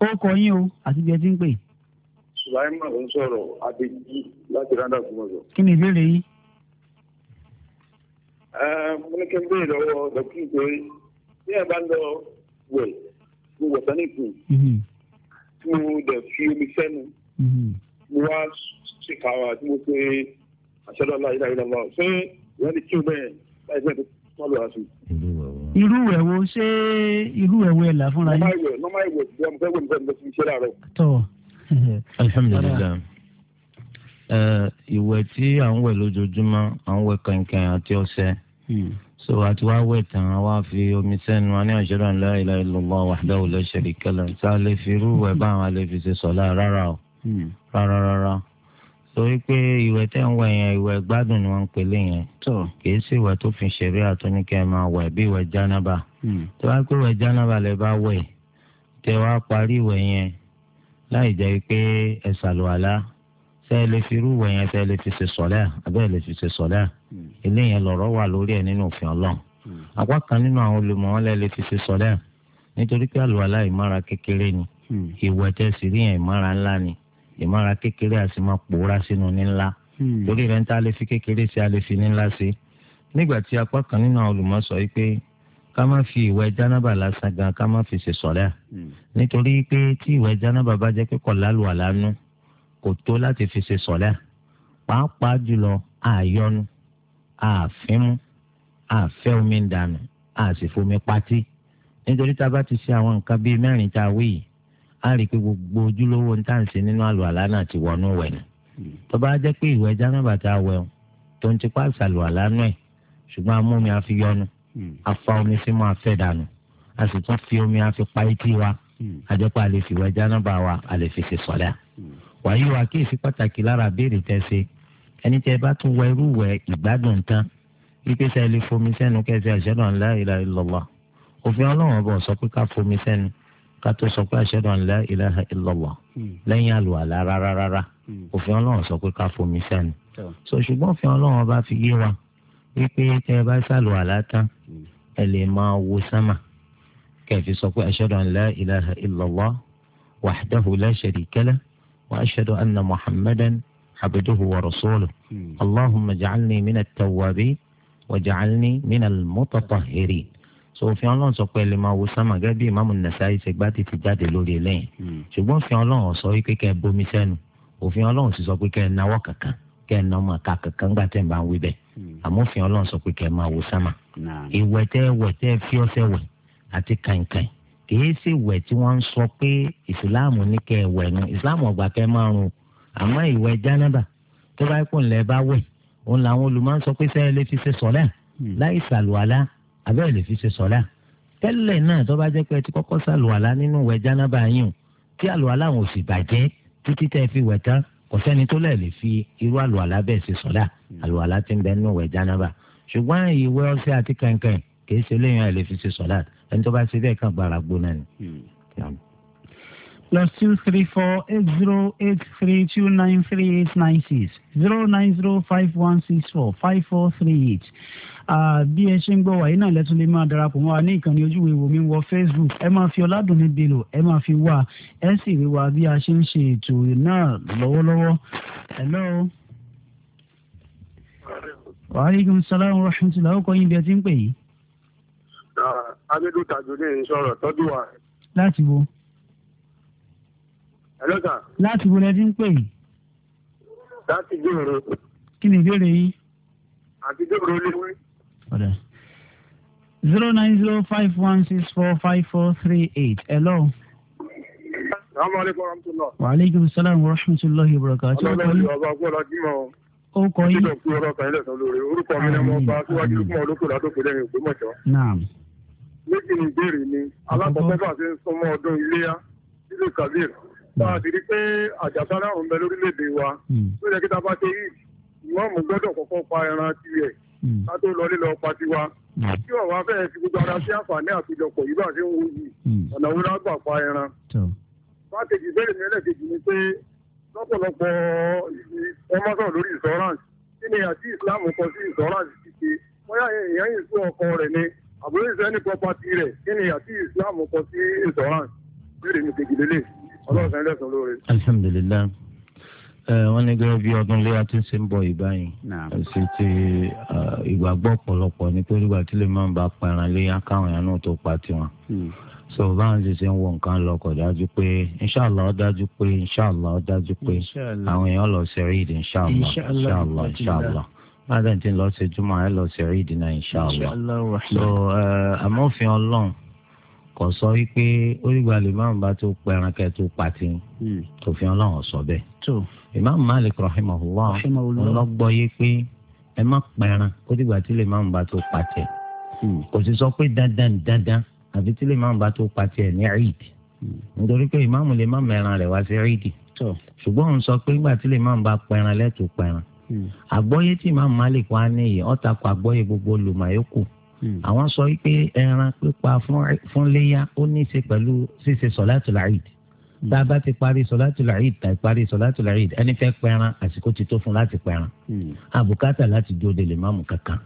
S2: ó kọ́ yín o àti ibi ẹ ti ń pè.
S4: sulaimah ń sọ̀rọ̀ abeji láti randa kumoso.
S2: kí ni ìbéèrè yìí.
S4: mo ní kí n béèrè lọ́wọ́ dọ́kítà pé bí ẹ bá ń lọ wẹ̀ mo wọ̀ sani kù tí mo dẹ̀ fi omi sẹ́nu mm-hmm. mo wá ṣèkàwà tí mo pe àṣẹdọ̀ ọlá ìlà ìlà wọn ṣé ìyẹn lè kí o bẹ́ẹ̀ láì bẹ́ẹ̀ tó tọ́ lọ́wọ́ sí.
S2: irú ẹ̀ wo ṣé irú ẹ̀ wo ẹ̀ là fúnra yín.
S4: nọ́mà ìwẹ̀ ìjọba mo fẹ́ wẹ̀ nípa ìgbésí iṣẹ́ láàárọ̀.
S3: tọ́ alhamdulilayi ìwẹ̀ tí à ń wẹ̀ lójoojúmọ́ à ń wẹ̀ kànkàn àti ọṣẹ hmm so àti wá wẹ̀ tán wá fi omi sẹ́nu wọn ní ọ̀ṣọ́dọ̀ ńlá ìlà ìlọ́lọ́ wahdahu la sharika lah tá a lè fi irú ìwẹ̀ báwọn a lè fi ṣe sọ̀lá rárá o hmm. rárá rárá torí pé ìwẹ̀ tẹ́ ń wẹ̀ yẹn ìwẹ̀ gbádùn ni wọ́n ń pèlè yẹn kìí sí ìwẹ̀ tó fi ṣeré àtúnikẹ́ máa wẹ̀ bí ìwẹ̀ jánábà tó wá pé ìwẹ̀ jánábà lè bá wẹ̀ tẹ́ wá parí ìwẹ̀ yẹn láì jẹ́ pé ẹ ṣàlùwàlá lè fi irú ìwẹ̀ yẹn tẹ́ lè fi ṣe sọ̀lá àbẹ́ lè fi ṣe sọ̀lá. Hmm. eléyìí lọ̀rọ̀ wà lórí ẹ̀ nínú òfin ọlọ́run hmm. apá kan nínú àwọn olùmọ̀ọ́lẹ́ lè fi ṣe sọ́dá nítorí pé àlùwàlá ìmára kékeré ni hmm. ìwẹ̀ tẹ́ sí rí yẹn ìmára ńlá ni ìmára kékeré àti máa pòórá sínú ní ńlá lórí rẹ̀ ń tá a lè fi kékeré sí a lè fi ní ńlá sí nígbà tí apá kan nínú àwọn olùmọ̀ sọ yìí pé ká má fi ìwẹ̀ jánábà lásán gan ká má fi ṣe sọ́dá nítorí pé tí ìwẹ̀ jánábà bá jẹ́ pé kò lálùwàlá nú kò tó láti fi ṣe sọ́dá pàápàá jùlọ àyọnu ààfin mú àfẹ́ omi ń dànù àsìfomi patí nítorí tá a bá ti ṣe àwọn nǹkan bíi mẹ́rin tá a wí yìí á rí i pé gbogbo ojúlówó ń tàǹsí nínú àlùalá náà ti wọnú wẹ̀ ni tó bá jẹ́ pé ìwẹ̀ jánábà tá a wẹ̀ o tó ń tipa ṣàlùalá náà ẹ̀ ṣùgbọ́n amómi àfiyọ́nu afa omi sí mọ́ afẹ́ dànù a sì tún fi omi àfi pa etí wa àjẹpọ̀ àlè fìwẹ̀ jánábà wa àlè fi ṣe sọ́lá wàyí wa kí èsì pàtàkì lára béèrè tẹ́ ṣe ẹni tẹ́ bá tún wọ irú wẹ̀ ìgbádùn tán wípé sẹ́ lè fomi sẹ́nu kẹ́sì àṣẹ́dọ̀ ńlá ilaha illallah òfin ọlọ́run ọba sọ pé ká fomi sẹ́nu ká tó sọ pé àṣẹ́dọ̀ ńlá ilaha illallah hmm. lẹ́yìn àlùwàlá rárára hmm. òfin ọlọ́run sọ pé ká fomi sẹ́nu. sọ ṣùgbọ́n òfin ọlọ́run ọba fi yé wa wípé tẹ́ bá sàlùwàlá tán hmm. ẹ lè máa wo sánmà kẹfì sọ pé àṣẹ́dọ̀ ńlá ilaha illallah wahdahu la sharika lahu wa anna muhammadan عبده ورسوله hmm. اللهم اجعلني من التوابين واجعلني من المتطهرين sòfin ọlọ́run sọ pé ẹ lè máa wo sámà gẹ́gẹ́ bí ìmáàmù Nasa'i ṣe gbá títí jáde lórí eléyìí hmm. ṣùgbọ́n òfin ọlọ́run sọ wípé kẹ́ ẹ bomi sẹ́nu òfin ọlọ́run sì sọ pé kẹ́ ẹ náwó kankan kẹ́ ẹ náwó ká kankan gbà tẹ̀ ń bá ń wí bẹ́ẹ̀ hmm. àmọ́ òfin ọlọ́run sọ pé kẹ́ ẹ máa wo sámà ìwẹ̀ tẹ́ wẹ̀ tẹ́ fi ọṣẹ wẹ̀ àti kàìnkàìn kìí sì wẹ̀ tí wọ́n ń sọ pé ìsìláàmù ní kẹ́ ẹ nu ìsìláàmù ọ̀gbà kẹ́ máa rún àmọ́ ìwẹ̀ jánábà tó bá pò ńlẹ̀ bá wẹ̀ òun làwọn olùmọ̀ ń sọ pé sẹ́yìn lè fi ṣe sọ̀lá hmm. láì sàlùwàlá àbẹ́ẹ̀ lè fi ṣe sọ̀lá tẹ́lẹ̀ náà tó bá jẹ́ pé ẹ ti kọ́kọ́ sàlùwàlá nínú ìwẹ̀ jánábà yín tí àlùwàlá wọn ò sì bàjẹ́ títí tẹ́ fi wẹ̀ tán kò sẹ́ni tó lẹ̀ lè fi irú àlùwàlá bẹ́ẹ̀ ṣe sọ̀lá hmm. àlùwàlá ti ń bẹ nínú ìwẹ̀ jánábà ṣùgbọ́n ìwẹ̀ ọṣẹ àti kẹ̀kẹ́ kì í ṣe léyìn ẹ̀ lè fi ṣe sọ̀lá ẹni tó bá ṣe bẹ́ẹ̀ kàn gbára gbóná ni. Hmm
S2: plus two three four eight zero eight three two nine three eight nine six zero nine zero five one six four five four three eight. bí ẹ ṣe ń gbọ́ wàyí náà lẹ́tún lè máa darapọ̀ mọ́ wa ní ìkànnì ojú ìwò mi wọ Facebook ẹ máa fi ọ̀làdùnní belò ẹ máa fi wá ẹ sì rí wa bí a ṣe ń ṣe ètò náà lọ́wọ́lọ́wọ́. hello. waaleykum salaam wa rahmatulah ọkọ yín bí ẹ ti ń pè yìí.
S4: abidul tajudeen sọ̀rọ̀ tọ́jú wa. láti wo hello sir.
S2: láti wo lẹ ti ń pè yìí.
S4: láti gbèrò.
S2: kí ni ìbéèrè yìí.
S4: àti gbèrò léwé.
S2: ọ̀dà zero nine zero five one six four five four three eight hello.
S4: salaamaleykum wa rahmatulah.
S2: wa aleykum salaam wa rahmatulah ọlọ́run ọba
S4: gbọ́dọ̀ jí
S5: o kọ yín. kílọ̀ fún ọlọ́kan
S4: ilẹ̀ sọ lórí orúkọ mi ni mo bá síwájú fún olóko látòkè lẹ́yìn Ògbómọ̀ṣọ́. méjì ni ìbéèrè mi alákọ̀ọ́kọ́ bá ń súnmọ́ ọdún iléyá sílé kabir tá a ti rí pé àjàkálẹ̀ àrùn bẹ lórílẹ̀‐èdè wa hmm. tó yẹ kí tá a bá ṣe yìí ìmọ̀ọ́mù gbọ́dọ̀ kọ́kọ́ pa ẹran tiẹ̀ hmm. ká tó lọ lílọ pa tiwa tí hmm. ọ̀wá fẹ́ẹ́ fi gbogbo ara sí àǹfààní àpéjọpọ̀ yìí bá ṣe ń wo yìí ọ̀nà wo la gbà pa ẹran. pàtẹ́jì bẹ́ẹ̀ ni ẹlẹ́kejì ni pé lọ́pọ̀lọpọ̀ ọmọ sọ̀rọ̀ lórí insurance kí ni àti Islam kọ sí insurance kíkẹ bóyá èèyàn yìí fún ọkọ rẹ̀ ni àbúrò ìsẹ́ni property rẹ̀ kí ni àti Islam kọ sí insurance bẹ́ẹ̀ ni kejì lélẹ̀ ọlọ́run sáré lẹ́sọ̀ lóore.
S3: alhamdulilayi wọ́n ní gẹ́gẹ́ bí ọdún léyà tó ń ṣe ń bọ̀ ìbáyìí àti ti ìgbàgbọ́ ọ̀pọ̀lọpọ̀ ní pé nígbà tí lè máa ń bá pẹran léyà káwọn èèyàn náà tó pa tiwọn hmm. so báwọn ṣe ṣe ń wọ nǹkan lọ kò dájú pé inṣàlá ó dájú pé inṣàlá ó dájú pé àwọn èèyàn lọ sí rí ìdí inṣàlá inṣàlá inṣàlá ládàá tí ń lọ ṣe júmọ̀ ẹ lọ sí rí ìdí náà inṣàlá so àmọ́ òfin ọlọ́run kò sọ wípé orígbà limamu bá tó pẹran kẹ tó pati hmm. òfin Ọlọ́run sọ bẹ́ẹ̀ imaamu Malik ọlọgbọ yé pé ẹ má pẹran orígbà tí bá tó pati hmm. kò sì sọ pé dandan dandan limamu bá tó pati ẹ ní ẹyìdì hmm. nítorí pé lè má mẹ́ran wá sí ṣùgbọ́n sọ pé nígbà tí lè má pẹran lẹ́tọ̀ọ́ pẹran àgbọ́yé tí Malik wá níyì àgbọ́yé gbogbo Hmm. àwọn sọ wípé ẹran pípa fún léyà ó ní í ṣe pẹ̀lú ṣíṣe sọ̀látù làíd hmm. tá a bá ti parí sọ̀látù làíd tá a parí sọ̀látù làíd ẹni fẹ́ pẹran àsìkò ti tó fún láti pẹran àbùkátà hmm. láti dúró de lè má mú kankan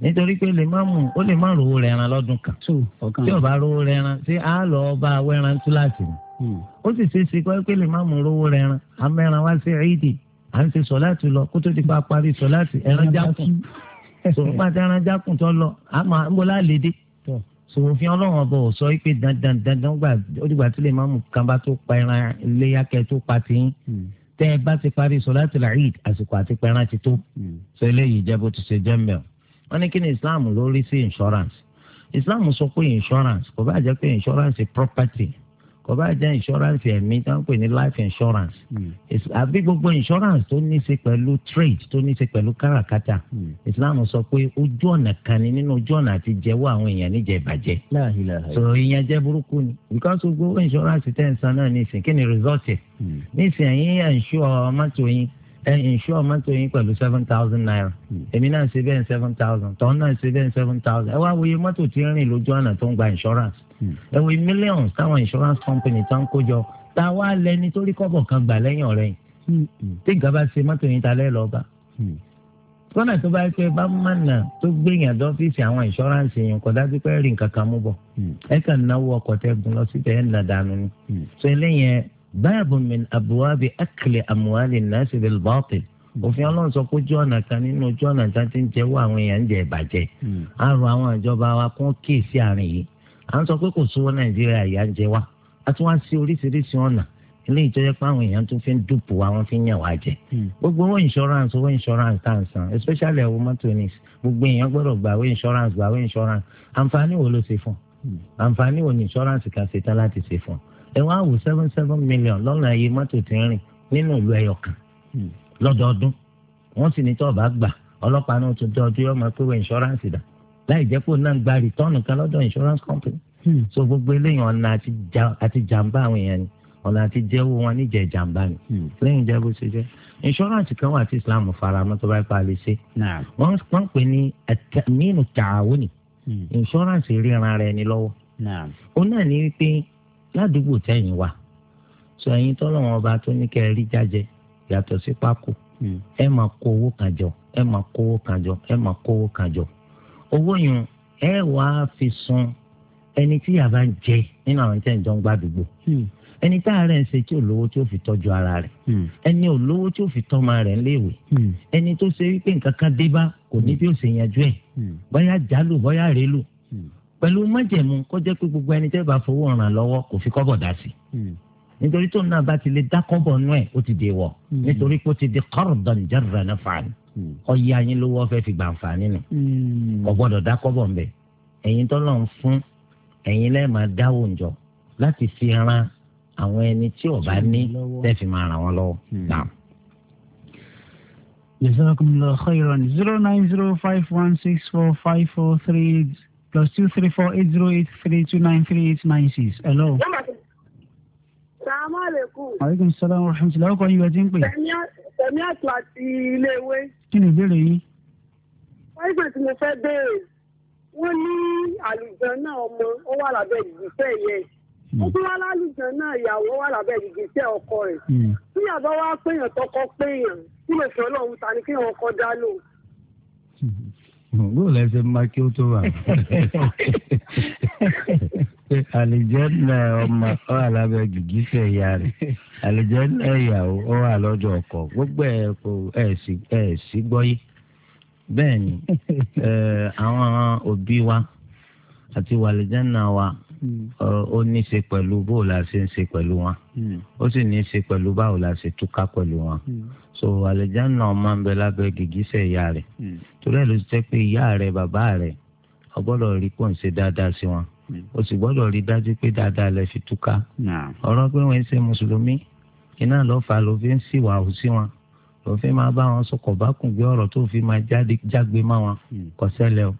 S3: nítorí pé lè má mú ó lè má rówó rẹran lọ́dún kan tí ò bá rówó rẹran tí a lọ bá wẹ́ran túláàsì ni ó sì ṣe é ṣe kọ́ pé lè má mú rówó rẹran amẹ́ran wá sí ẹ̀ẹ́dì à ń ṣe sọ̀látù lọ kó tó ti bá parí sọ̀látù ẹran jákùn sòwò pàtàkì ajakùn tó lọ àmọ́ àbọlá lédè sòwò fi Ọlọ́run ọbọ sọ pé dandan dandan gbà ó dìgbà tí lè má mú kaba tó pa ẹran iléyà kẹ tó pa tìyín hmm. tẹ ẹ bá ti parí sọláàtì làáyid àsìkò àti pẹran ti tó hmm. sọ eléyìí jẹ bó ti ṣe jẹ mẹ wọn ní kí ni Islam lórí sí insurance Islam sọ pé insurance kò bá jẹ pé insurance property kò jẹ́ insurance ẹ̀mí tó ń pè ní life insurance hmm. àbí gbogbo insurance tó ní í ṣe pẹ̀lú trade tó ní í ṣe pẹ̀lú káràkátà hmm. Islam sọ pé ojú ọ̀nà kan ni nínú ojú ọ̀nà àti jẹ́wọ́ àwọn èèyàn níjẹ̀ ìbàjẹ́ so ìyẹn jẹ́ burúkú ni because gbogbo insurance tẹ̀ ń san náà ní ìsìn kí ni result ẹ̀ hmm. ní ìsìn ẹ̀yìn ẹ̀ ń ṣú ọ mọ́tò yín ẹ ìṣọ́ mọ́tò yín pẹ̀lú seven thousand naira èmi náà ṣe bẹ́ẹ̀ seven thousand tọ́hún náà ṣe bẹ́ẹ̀ seven thousand ẹ wá wòye mọ́tò tí ń rìn lójú ọ̀nà tó ń gba insurance ẹ wòye millions táwọn insurance company tó ń kójọ tá a wá lẹni torí kọ́bọ̀ kan gbà lẹ́yìn ọ̀rẹ́ yìí tí nǹkan bá ṣe mọ́tò yín ta lẹ́ lọ́ọ́ bá kọ́nà tó bá fẹ́ bá mọ̀nà tó gbẹ̀yìn àdọ́fíìsì àwọn insurance yẹn kọ́ dájú pé rìn kankan mú bọ̀ ẹ kàn náwó ọkọ̀ tẹ́gun lọ síbẹ̀ ẹ̀ nà dànù ni so eléyẹn báàbù min abuwaabi akele amuwaali nasi bil baatil hmm. òfin ọlọ́run sọ pé ojú ọ̀nà kan nínú ojú ọ̀nà kan ti ń jẹ́wọ́ àwọn èèyàn ń jẹ ìbàjẹ́ hmm. a rọ àwọn ìjọba wa kún kíyèsí àárín yìí à ń sọ pé kò sówó nàìjíríà ìyà ń jẹ wá a tún wá sí oríṣiríṣi ọ̀nà ilé ìjọyẹ pé àwọn èèyàn tún fi ń dùpò wa fi ń yàn wá jẹ hmm. gbogbo owó insurance owó insurance tá à ń san especially ẹ̀wọ̀n mọ́tònis gbogbo èèyàn gbọ́dọ̀ gba owó insurance gba owó insurance àǹfààní wo ló ṣe fún àǹfààní wo ni insurance kan ṣe tán láti ṣe fún ẹ wá wò seven seven million lọ́nà ayé mọ́tò ti ń rìn nínú ìlú ẹyọ kan hmm. lọ́dọọdún wọ́n sì ní tó bá gbà ọlọ́pàá náà tún dé ọdún yóò máa pé insurance dà láì jẹ́ pé náà gba rìtọ́ọ̀nù kan lọ́dọ̀ insurance company hmm. so gbogbo eléyìí ọ̀nà àti jàǹbá àwọn èèyàn ni ọ̀nà àti jẹ́wọ́ wọn níjẹ̀ jàǹbá ni hmm. lẹ́yìn jẹ́ bó ṣe jẹ́ insurance kan wà tí Islam faramọ́ tó bá pa lè ṣe wọ́n ń pè ní àtàmínú tààwọ́ ni insurance ríran ara ẹni lọ́wọ́ ó náà ní wípé ládùúgbò tẹ̀yìn wa sọ ẹ̀yin tọ́lọ̀ wọn ọba tó ní kẹ́ ẹ rí jájẹ yàtọ̀ sí pákó hmm. ẹ máa kó owó kan jọ ẹ máa kó owó kan jọ ẹ máa kó owó kan jọ owó yẹn ẹ wàá fi san ẹni tí yàrá bá ń jẹ nínú àwọn tẹ̀ jọ ń gbàdúgbò hmm. ẹni tá a rẹ̀ ń ṣe tí olówó tí ó fi tọ́jú ara rẹ̀ hmm. ẹni olówó tí ó fi tọ́mọ rẹ̀ léèwé ẹni tó ṣe wípé nǹkan kan dé bá kò ní bí ó ṣe yanjú ẹ̀ bóyá jálù bóyá rélù pẹ̀lú májẹ̀mú kó jẹ́ pé gbogbo ẹni tẹ́ bá fowó ràn lọ́wọ́ kò fi kọ́bọ̀ dá sí hmm. nítorí tó náà bá ti lè dá kọ́bọ̀ nú ẹ̀ ó ti dè wọ̀ hmm. nítorí pé ó ti di qardan jarra naf'an ọyẹ hmm. anyin lówó ọ̀fẹ́ fi gbàǹfààní nù kò gbọ́dọ̀ dá kọ́bọ̀ ńbẹ ẹ̀yin tó lọ ń fún ẹ̀yin lẹ́ẹ̀ máa dáwọ́ ǹjọ́ láti fi ran àwọn ẹni tí ò bá ní tẹ́ fi máa ràn wọ́n lọ́wọ́ náà. khairan zero nine zero five one six four five four
S2: three plus two three four eight zero eight three two nine three eight nine six. hello.
S4: salaamaleykum. aleykum
S2: salaam wa rahmatulah ọkọ yín wẹ́n ti ń pè.
S4: tẹ̀mí àtọ̀ àti ilé ìwé. kí ni ìbéèrè yín. pàṣípè tí mo fẹ́ béèrè wọ́n ní àlùjọ náà ọmọ ó wà lábẹ́ ìgbésẹ̀ yẹn hmm. ó tún wá lálùjọ náà ìyàwó wà lábẹ́ ìgbésẹ̀ ọkọ rẹ̀ hmm. tí àbá wa péyàn tọkọ péyàn kí lè fẹ́ ọlọ́run ta ni kí wọ́n dá lò.
S3: Hmm. gbogbo ẹsẹ máa ó tó wà. àlìjẹ́nà ọmọ ọ alábẹ́ gìgísẹ̀ ìyá rẹ̀ àlìjẹ́nà ìyàwó ọ àlọ́jọ́ ọkọ gbogbo ẹ̀ kò sí àwọn òbí wa ó ní í ṣe pẹ̀lú bó la ṣe ń ṣe pẹ̀lú wọn hmm. ó sì ní í ṣe pẹ̀lú báwo la ṣe túká pẹ̀lú wọn hmm. so àlùjánnà máa ń bẹ lábẹ́ gìgísẹ̀ ìyá rẹ̀ hmm. torí ẹ̀ ló ti jẹ́ pé ìyá rẹ̀ bàbá rẹ̀ ó gbọ́dọ̀ rí kó ń ṣe dáadáa sí wọn ó sì gbọ́dọ̀ rí dájú pé dáadáa lẹ fi túká ọ̀rọ̀ pé wọ́n ń ṣe mùsùlùmí iná lọ́fà ló fi ń ṣìwà hù sí wọn ló fi máa bá wọn sọkọ̀ bá ọ̀rọ̀ tó fi máa jágbe má wọn kò o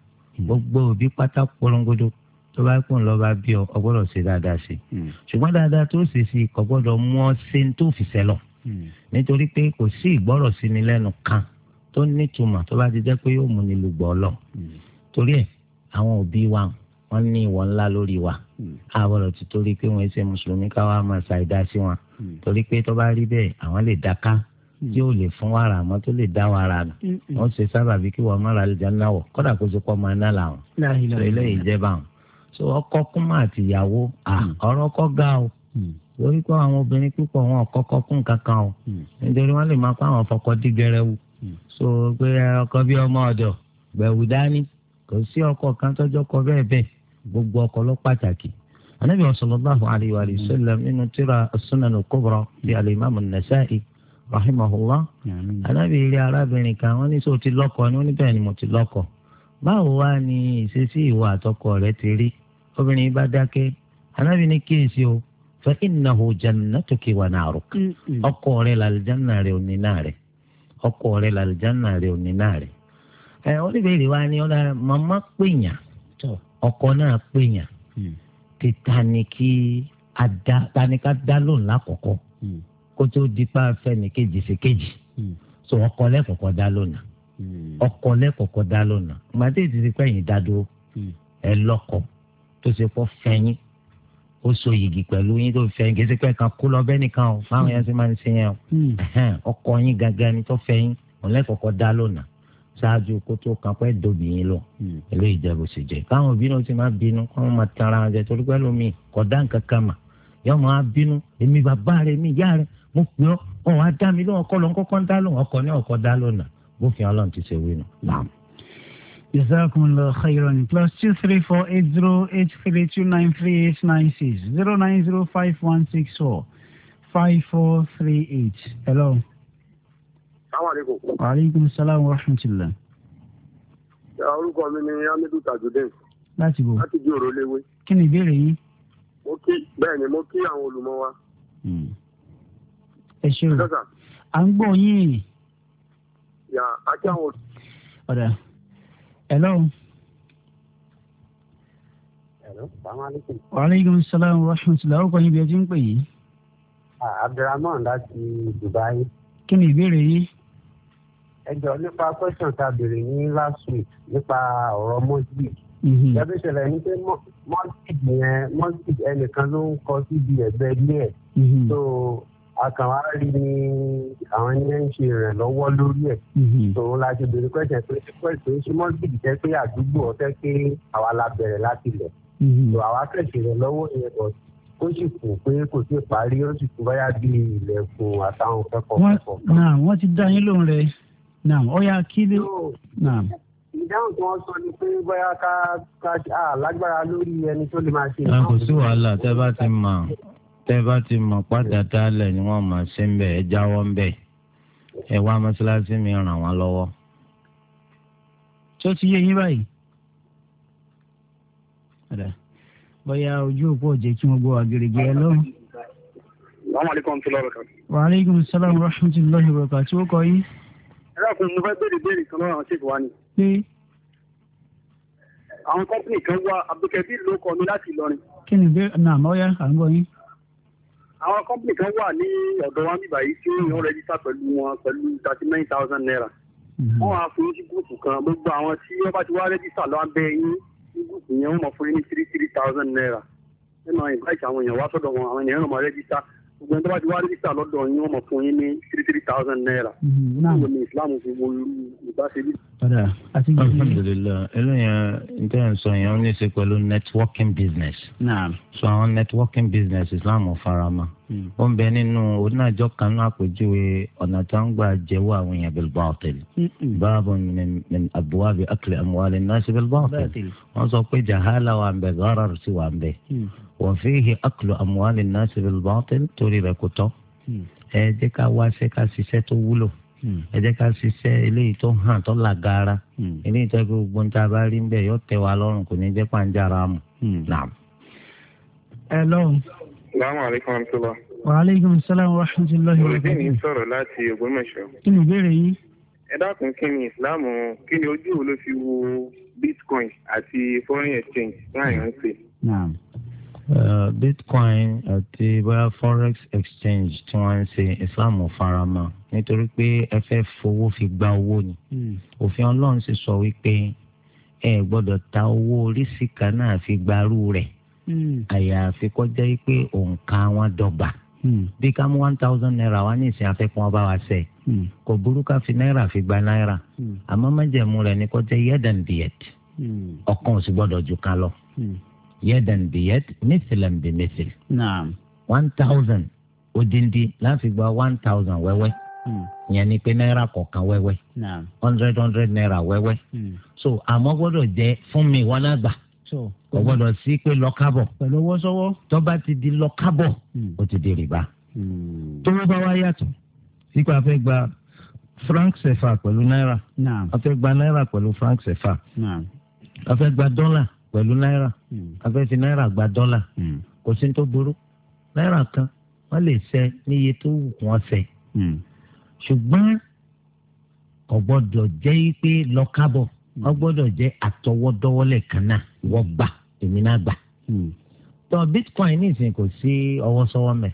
S3: gbogbo òbí pátá polongodo tó bá kún lọ́ba bí ọ ọgbọ́dọ̀ ṣe dáadáa sí i hmm. ṣùgbọ́n dáadáa tó ṣe sí kò gbọ́dọ̀ mú ọ ṣe ń tó fi sẹ́lọ̀ hmm. nítorí pé kò sí ìgbọ́rọ̀ sí ni lẹ́nu kan tó nítumọ̀ tó bá ti jẹ́ pé yóò mú ni lùgbọ́ lọ hmm. torí ẹ̀ àwọn òbí wa wọ́n ní ìwọ ńlá lórí wa àbọ̀dọ̀ ti torí pé wọ́n ṣe mùsùlùmí káwá máa ṣàìdá sí wọn torí pé tó bá rí bẹ́ẹ̀ àwọn lè dáká tí ò lè fún wàrà àmọ́ tó lè dá wàrà nù wọ́n ṣe sábàbí kí wọ́n má ra àlùjáde náà wọ̀ kọ́dà kó ṣe pọ́ máa ná làwọn ṣe eléyìí jẹ́ báwọn so ọkọ kúnmọ́ àtìyàwó hmm. ọ̀rọ̀ kọ́ ga o lórí hmm. pé àwọn obìnrin púpọ̀ wọn kọ́kọ́ kún kankan o hmm. nítorí wọ́n lè máa pa àwọn fọkọ dígẹrẹ wù so pé ọkọ bí ọmọ ọ̀dọ̀ gbẹ̀wù dání kò sí ọkọ kan tọ́jọ́ kọ bẹ́ẹ̀ bẹ́ẹ̀ gbogbo ọkọ ló pàtàkì anabi sallallahu alayhi wa sallam nínú tírà as-sunan al-kubra bí al nasai rahimahullah anabi ilé arábìnrin kan wọ́n ní sọ ti lọ́kọ ni wọ́n ní bẹ́ẹ̀ ni mo ti lọ́kọ báwo wá ni ìṣesí ìwà àtọkọ rẹ ti rí obìnrin bá dákẹ́ anábì ní kíyèsí o fa innahu jannatuki wa naruk ọkọ rẹ làlìjánà rẹ òní náà rẹ ọkọ rẹ làlìjánà rẹ òní náà rẹ ẹ oníbèrè wa ni ọ̀la màmá pènyà ọkọ náà pènyà mm. títa ni kí ada tani ká dá lóun lákọ̀ọ́kọ́ mm. kó tó di pa fẹ́ni kejì sí kejì mm. so ọkọ lẹ́kọ̀ọ́kọ́ dá lónàá. Hmm. ọkọ lẹ́kọ̀ọ́kọ́ dá lọ́nà gbàdé ìdílé pẹ́yìn dádúró hmm. ẹ lọ́kọ tó ṣe fọ́ fẹ́yìn ó so yìgì pẹ̀lú yín tó fẹ́yìn kì í kan kó lọ nìkan o báwọn yẹn ṣe máa ń ṣe yẹn o hmm. ọkọ yín gangan ni tó fẹ́yìn òun lẹ́kọ̀ọ́kọ́ dá lọ́nà ṣáájú kó tó kan pẹ́ dòbí yín lọ pẹ̀lú ìjẹ́bù sì jẹ́ káwọn òbí náà ti máa bínú káwọn máa tara wọn jẹ torí pẹ́lú mi kò dá nǹkan kan mà yọ máa bínú èmi bàbá rẹ mi ìyá rẹ mo pè ọ́ ọ̀ wá mi lóhùn ọkọ lọ́nkọ́kọ́ ń dá lóhùn ọkọ ní ọkọ dá lónà bófin ọlọ́run ti ṣe wí nù. jazakumullahu khairan
S2: plus two three four eight zero eight three two nine three eight nine six zero nine zero five one six four five four three eight. hello. salaamaleykum. waaleykum salaam wa rahmatulah.
S4: orúkọ mi ni hamidu tajudeen. láti bò. láti di léwé.
S2: kí ni ìbéèrè yín.
S4: mo kí bẹ́ẹ̀ ni mo kí àwọn olùmọ̀ wa.
S2: Hmm. ẹ ṣé o à ń gbọ́ yín
S4: yà ajá wọn.
S2: ọ̀dà hello.
S4: hello salaamaleykum.
S2: waaleykum salaam wa rahmatulah orúkọ yín bí ẹ ti ń pè yìí.
S4: Ah, abdulrahman láti dubai.
S2: kí ni ìbéèrè yìí.
S4: ẹ jọ nípa question tá a ní last week nípa ọ̀rọ̀ mọ́sídìí mhm. yàtọ̀ ìṣẹ̀lẹ̀ ní pé mọ́sídìí yẹn mọ́sídìí ẹnìkan ló ń kọ síbi ẹ̀gbẹ́ ilé ẹ̀ mhm. so akànwá rí ni àwọn ní ń ṣe rẹ̀ lọ́wọ́
S5: lórí ẹ̀. tòun
S4: mm-hmm. la ṣe bèrè pẹ̀sẹ̀ pé pẹ̀sẹ̀ súnmọ́ bìbì jẹ́ pé àdúgbò ọ̀tẹ́ pé àwa la bẹ̀rẹ̀ láti lẹ̀. tò mm-hmm. àwa kẹ̀sì rẹ̀ lọ́wọ́ yẹn bọ̀ ó sì kù pé kò sí parí ó sì kù báyà bí ilẹ̀kùn àtàwọn kẹ́kọ̀ọ́ kẹ́kọ̀ọ́.
S2: náà wọ́n ti dá yín lóhùn rẹ̀ náà ó yà kí ló
S4: ìdáhùn tí wọ́n sọ ni pé bóyá ká ká lágbára lórí ẹni tó lè máa ṣe.
S3: tẹ́ ti mọ̀ pàtàkì alẹ̀ ni wọ́n máa ṣe ń bẹ̀ ẹ jáwọ́ ń bẹ̀ ẹ wá mọ́ṣáláṣí mi ràn wọ́n lọ́wọ́. tó ti yé yín báyìí. bóyá ojú òpó òjè kí wọ́n gbọ́ àgèrègè ẹ lọ́rùn.
S4: salaamaleykum tula kan.
S2: waaleykum salaam wa rahmatulahi wa bàkà tí ó kọ yín.
S4: lọ́wọ́
S2: ni. kan
S4: àwọn kọ́mpìnì kan wà ní ọ̀dọ̀ wa níbà yìí tí wọ́n rẹ́jísà pẹ̀lú wọn pẹ̀lú thirty nine thousand naira. Mhm. wọ́n á fún yín gúùpù kan gbogbo àwọn tí wọ́n bá ti wá rẹ́jísà lọ́wọ́ abẹ́ yín ní gúùpù yẹn wọ́n máa fún yín ní three three thousand naira. nínú ìbáṣà àwọn èèyàn wá sọ́dọ̀ wọn àwọn èèyàn máa rẹ́jísà gbogbo ẹni tó bá ti wá rísà lọ́dọ̀ yín wọ́n mọ̀ fún yín ní three three thousand naira. báwo mhm, ni islam fi wo ìbáṣepọ̀.
S3: padà alhamdulilayi eléyàn níta ń sọ yẹn ó ní í ṣe pẹ̀lú networking business. so àwọn networking business islam farama. Hmm. ó ń bẹ nínú onínájọ́ kan náà àpèjúwe ọ̀nà tó ń gbà jẹ́wọ́ àwọn èèyàn bil batil. báàbò min abwabi akli amwali nasi bil batil. wọ́n sọ pé jahala wà ń bẹ gharar sí wà ń bẹ. Hmm. wa fihi aklu amwali nasi bil batil tó torí rẹ̀ kò tọ́ hmm. ẹ jẹ́ ká wáṣẹ́ ká ṣiṣẹ́ tó wúlò hmm. ẹ jẹ́ ká ṣiṣẹ́ eléyìí tó hàn tó hmm. eléyìí tó gbogbo níta bá rí yóò wa kò ní mu. ẹ lọ́hùn.
S4: salaamu aleykum
S3: wa aleykum salaam wa rahmatulahi wa barakatuh. olùdíje sọ̀rọ̀ láti kí ni ìbéèrè
S4: ẹ dákun kí ni ìsìláàmù kí ni ojú wo ló fi wo bitcoin àti foreign exchange
S3: Eh, bitcoin àti bóyá forex exchange tí wọ́n ń ṣe islam farama nítorí pé ẹ fẹ́ fowó fi gba owó ni hmm. òfin ọlọ́run sì sọ wípé ẹ gbọ́dọ̀ ta owó oríṣìí kan náà fi gbarú rẹ̀ hmm. àyàfi kọjá pé òǹkà wọn dọ́gba hmm. bí ká mú one thousand naira wá ní ìsìn afẹ́kùn ọba wa sẹ́ẹ̀ kò burú ká fi náírà fi gba náírà àmọ́ májẹ̀mú rẹ̀ ni kọjá yẹ́dàn bìyẹ̀t ò sì gbọ́dọ̀ ju kan lọ yẹ́dàn bí yẹ́d mẹ́sìlẹ̀m bí mẹ́sìl. one thousand odindi láti gba one thousand wẹ́wẹ́ ìyẹn ni pé náírà kọ̀ọ̀kan wẹ́wẹ́ hundred hundred naira wẹ́wẹ́ so àmọ́ gbọ́dọ̀ jẹ́ fún mi wọn náà gbà kò gbọ́dọ̀ sí pé lọ́kábọ̀ pẹ̀lú owó sọ́wọ́ tó bá ti di lọ́kábọ̀ hmm. ó ti di rìbá hmm. tó bá wá yàtọ̀ sípà fẹ́ gba franc CFA pẹ̀lú náírà a fẹ́ gba náírà pẹ̀lú franc CFA
S5: a fẹ́ gba dọ́là pẹ̀lú náírà hmm.
S3: afẹ́fẹ́ náírà gba dọ́là hmm. kò sí tó burú náírà kan wọ́n lè ṣẹ́ níye tó wù wọ́n ṣẹ́ hmm. ṣùgbọ́n kò gbọ́dọ̀ jẹ́ pé lọ́kàbọ̀ wọ́n gbọ́dọ̀ jẹ́ àtọwọ́dọ́wọ́lẹ̀ kan náà wọ́n gbà èmi náà gbà. tọ bitcoin nísìnyí kò sí ọwọ́ sọ́wọ́ mẹ́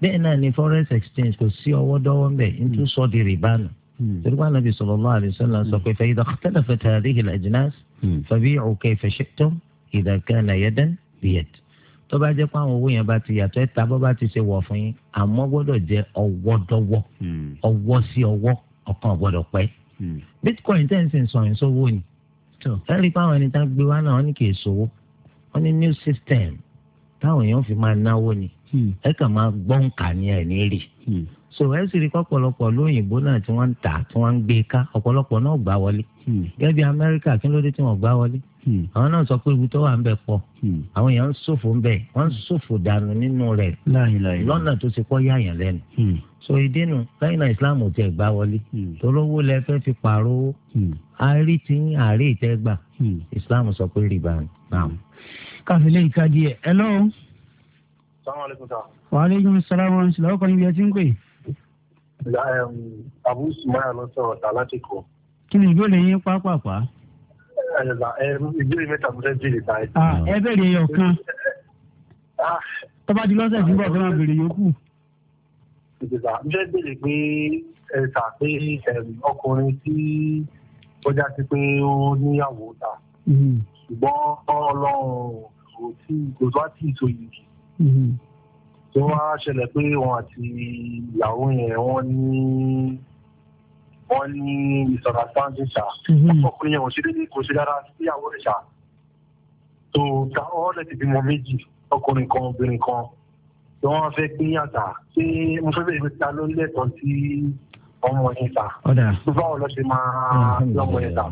S3: bẹ́ẹ̀ náà ni forex exchange kò sí ọwọ́ dọ́wọ́ mẹ́ nítorí sọ́ọ́ di torí wọn Ànábì sallallahu alaihi wasallam sọ pé fa idha Hmm. fabi'u kayfa shi'tum idha kana yadan biyad tó bá jẹ́ pé àwọn owó yẹn bá ti yàtọ̀ ẹ̀ta bó bá ti ṣe wọ̀ fún yín àmọ́ gbọ́dọ̀ jẹ́ ọwọ́ dọ́wọ́ hmm. ọwọ́ sí ọwọ́ ọ̀kan gbọ́dọ̀ pẹ́ hmm. bitcoin tẹ́ ń sìn sọ̀yìn sówó ni ẹ pé àwọn ẹni tá gbé wá náà wọ́n ní kì í sówó wọ́n ní new system táwọn èèyàn fi máa náwó ni ẹ kàn máa gbọ́ǹkà ni ẹ̀ ní rì so ẹ sì rí pọ̀pọ̀lọpọ̀ lóyìnbó náà tí wọ́n ń tà tí wọ́n ń gbé ká ọ̀pọ̀lọpọ̀ náà gbá wọlé hmm. gẹ́gẹ́ bí amẹ́ríkà kí ló dé tí wọ́n gbá wọlé hmm. àwọn náà sọ pé ewu tó wà ń bẹ pọ̀ hmm. àwọn èèyàn ń ṣòfò ń bẹ wọ́n ń ṣòfò dànù nínú rẹ̀ lọ́nà tó ṣe pọ̀ yáyàn lẹ́nu so ìdínú lẹ́yìn náà islam ò tiẹ̀ gbá wọlé tolówó lẹ fẹ́ fi pààrọ̀ owó àárí tí ń àárí ìtẹ́gbà islam sọ pé rìbá náà.
S2: sàlámù ọ̀hún ṣùgbọ́n ọkọ̀ níbi ẹ ti ń pè é
S4: abu sumaya ló sọ̀rọ̀ ta láti kọ.
S2: kí ni ìbéèrè yín pápápá.
S4: ìbéèrè mẹ́ta mo fẹ́ béèrè báyìí. ẹ béèrè ẹyọ kan ah. tọ́ba di lọ́sẹ̀ tí ń bọ̀ fẹ́ máa béèrè yòókù. ìdìbò mo fẹ́ béèrè pé ẹ sà pé ọkùnrin tí ó já sí pé ó níyàwó ta mm-hmm. ṣùgbọ́n ọlọ́run kò tí kò tó àti ìsòyìgì tó wá ṣẹlẹ̀ pé wọn àti ìyàwó yẹn wọ́n ní wọ́n ní misunderstanding ṣá mm-hmm. ọkùnrin yẹn kò ṣe déédéé kò ṣe dára síyàwó rẹ̀ ṣá tó ta ọ́ọ́lẹ̀ ti bímọ méjì ọkùnrin kan obìnrin kan tí wọ́n fẹ́ pín yàtà ṣé mo fẹ́ bẹ̀rẹ̀ ta ló lẹ́tọ̀ọ́ sí ọmọ yẹn ta.
S2: ọ̀dà
S3: báwo máa lọ́mọ yẹn ta.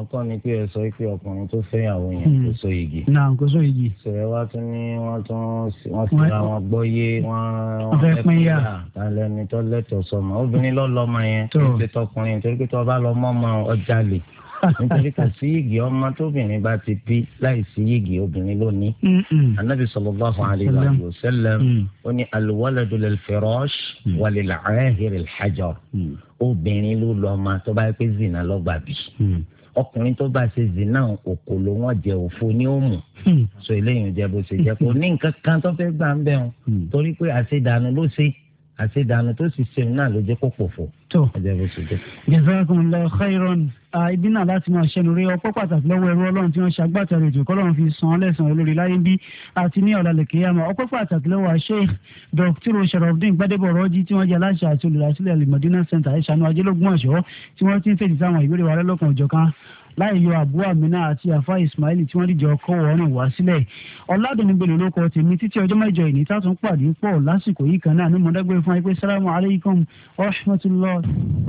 S3: ọkọ mi pé ẹ sọ pé ọkùnrin tó fẹ́yàwó yẹn hmm. kò sọ igi. kò sọ igi. sọ̀rọ̀ wa tún ní wọ́n tún wọ́n fi ra wọn gbọ́ yé wọ́n fẹ́ pín yà. alẹ́ ni tọ́lẹ́tọ̀ sọmọ obìnrin lọ́ọ́ lọ́mọ yẹn. tó ti tọkùnrin torí pé tó bá lọ mọ́ ọmọ ọjà lè nítorí kò sí yìgì ọmọ tóbìnrin bá ti bí láì sí yìgì obìnrin lónìí. anabi sallallahu alayhi wa sallam mm. ó ní alwaladu lil firash mm. wa lil ahir al hajar mm. obìnrin ló lọ ọmọ tó bá yẹ pé zina lọ́gbà bí ọkùnrin tó bá ṣe zina òkò ló wọn jẹ òfo ní òmù so eléyìí jẹ bó ṣe jẹ kó ní nǹkan kan tó fẹ́ gbà ń bẹ̀ wọn torí pé àṣedànù ló ṣe àti ìdànù tó sì ṣe náà ló jẹ́ kó pòfò. tó jazakumullahu khairan ibi náà láti máa ṣẹnu rí ọpọ́
S2: pàtàkì lọ́wọ́ ẹrú ọlọ́run tí wọ́n ṣe agbátẹrù ètò kọ́lọ́run fi san án lẹ́sàn-án olórí láyé bí àti ní ọ̀làlẹ̀ kéyàmọ̀ ọpọ́ pàtàkì lọ́wọ́ Sheikh Dr. Sharafdin Gbadebo Rọ́jí tí wọ́n jẹ́ aláṣẹ àti olùdásílẹ̀ Al-Madina Center ìṣànú ajẹ́lógún ọ̀ṣọ́ tí wọ́n ti ń fèsì sáwọn ìbéèrè wa lọ́lọ́kan òjọ̀kan láì yọ àbú àmínà àti àfa ismail tí wọ́n dìjọ kọ́ ọ̀rìn wá sílẹ̀ ọ̀làdùnúgbèrè lóko tèmi títí
S4: ọjọ́ mẹ́jọ ìní tàtún pàdé pọ̀ lásìkò yìí kan náà ní mọ̀dágbé fún ẹgbẹ́ sálámù aláìkọ́m ọ̀ṣunmọ́tò lọ́ọ̀.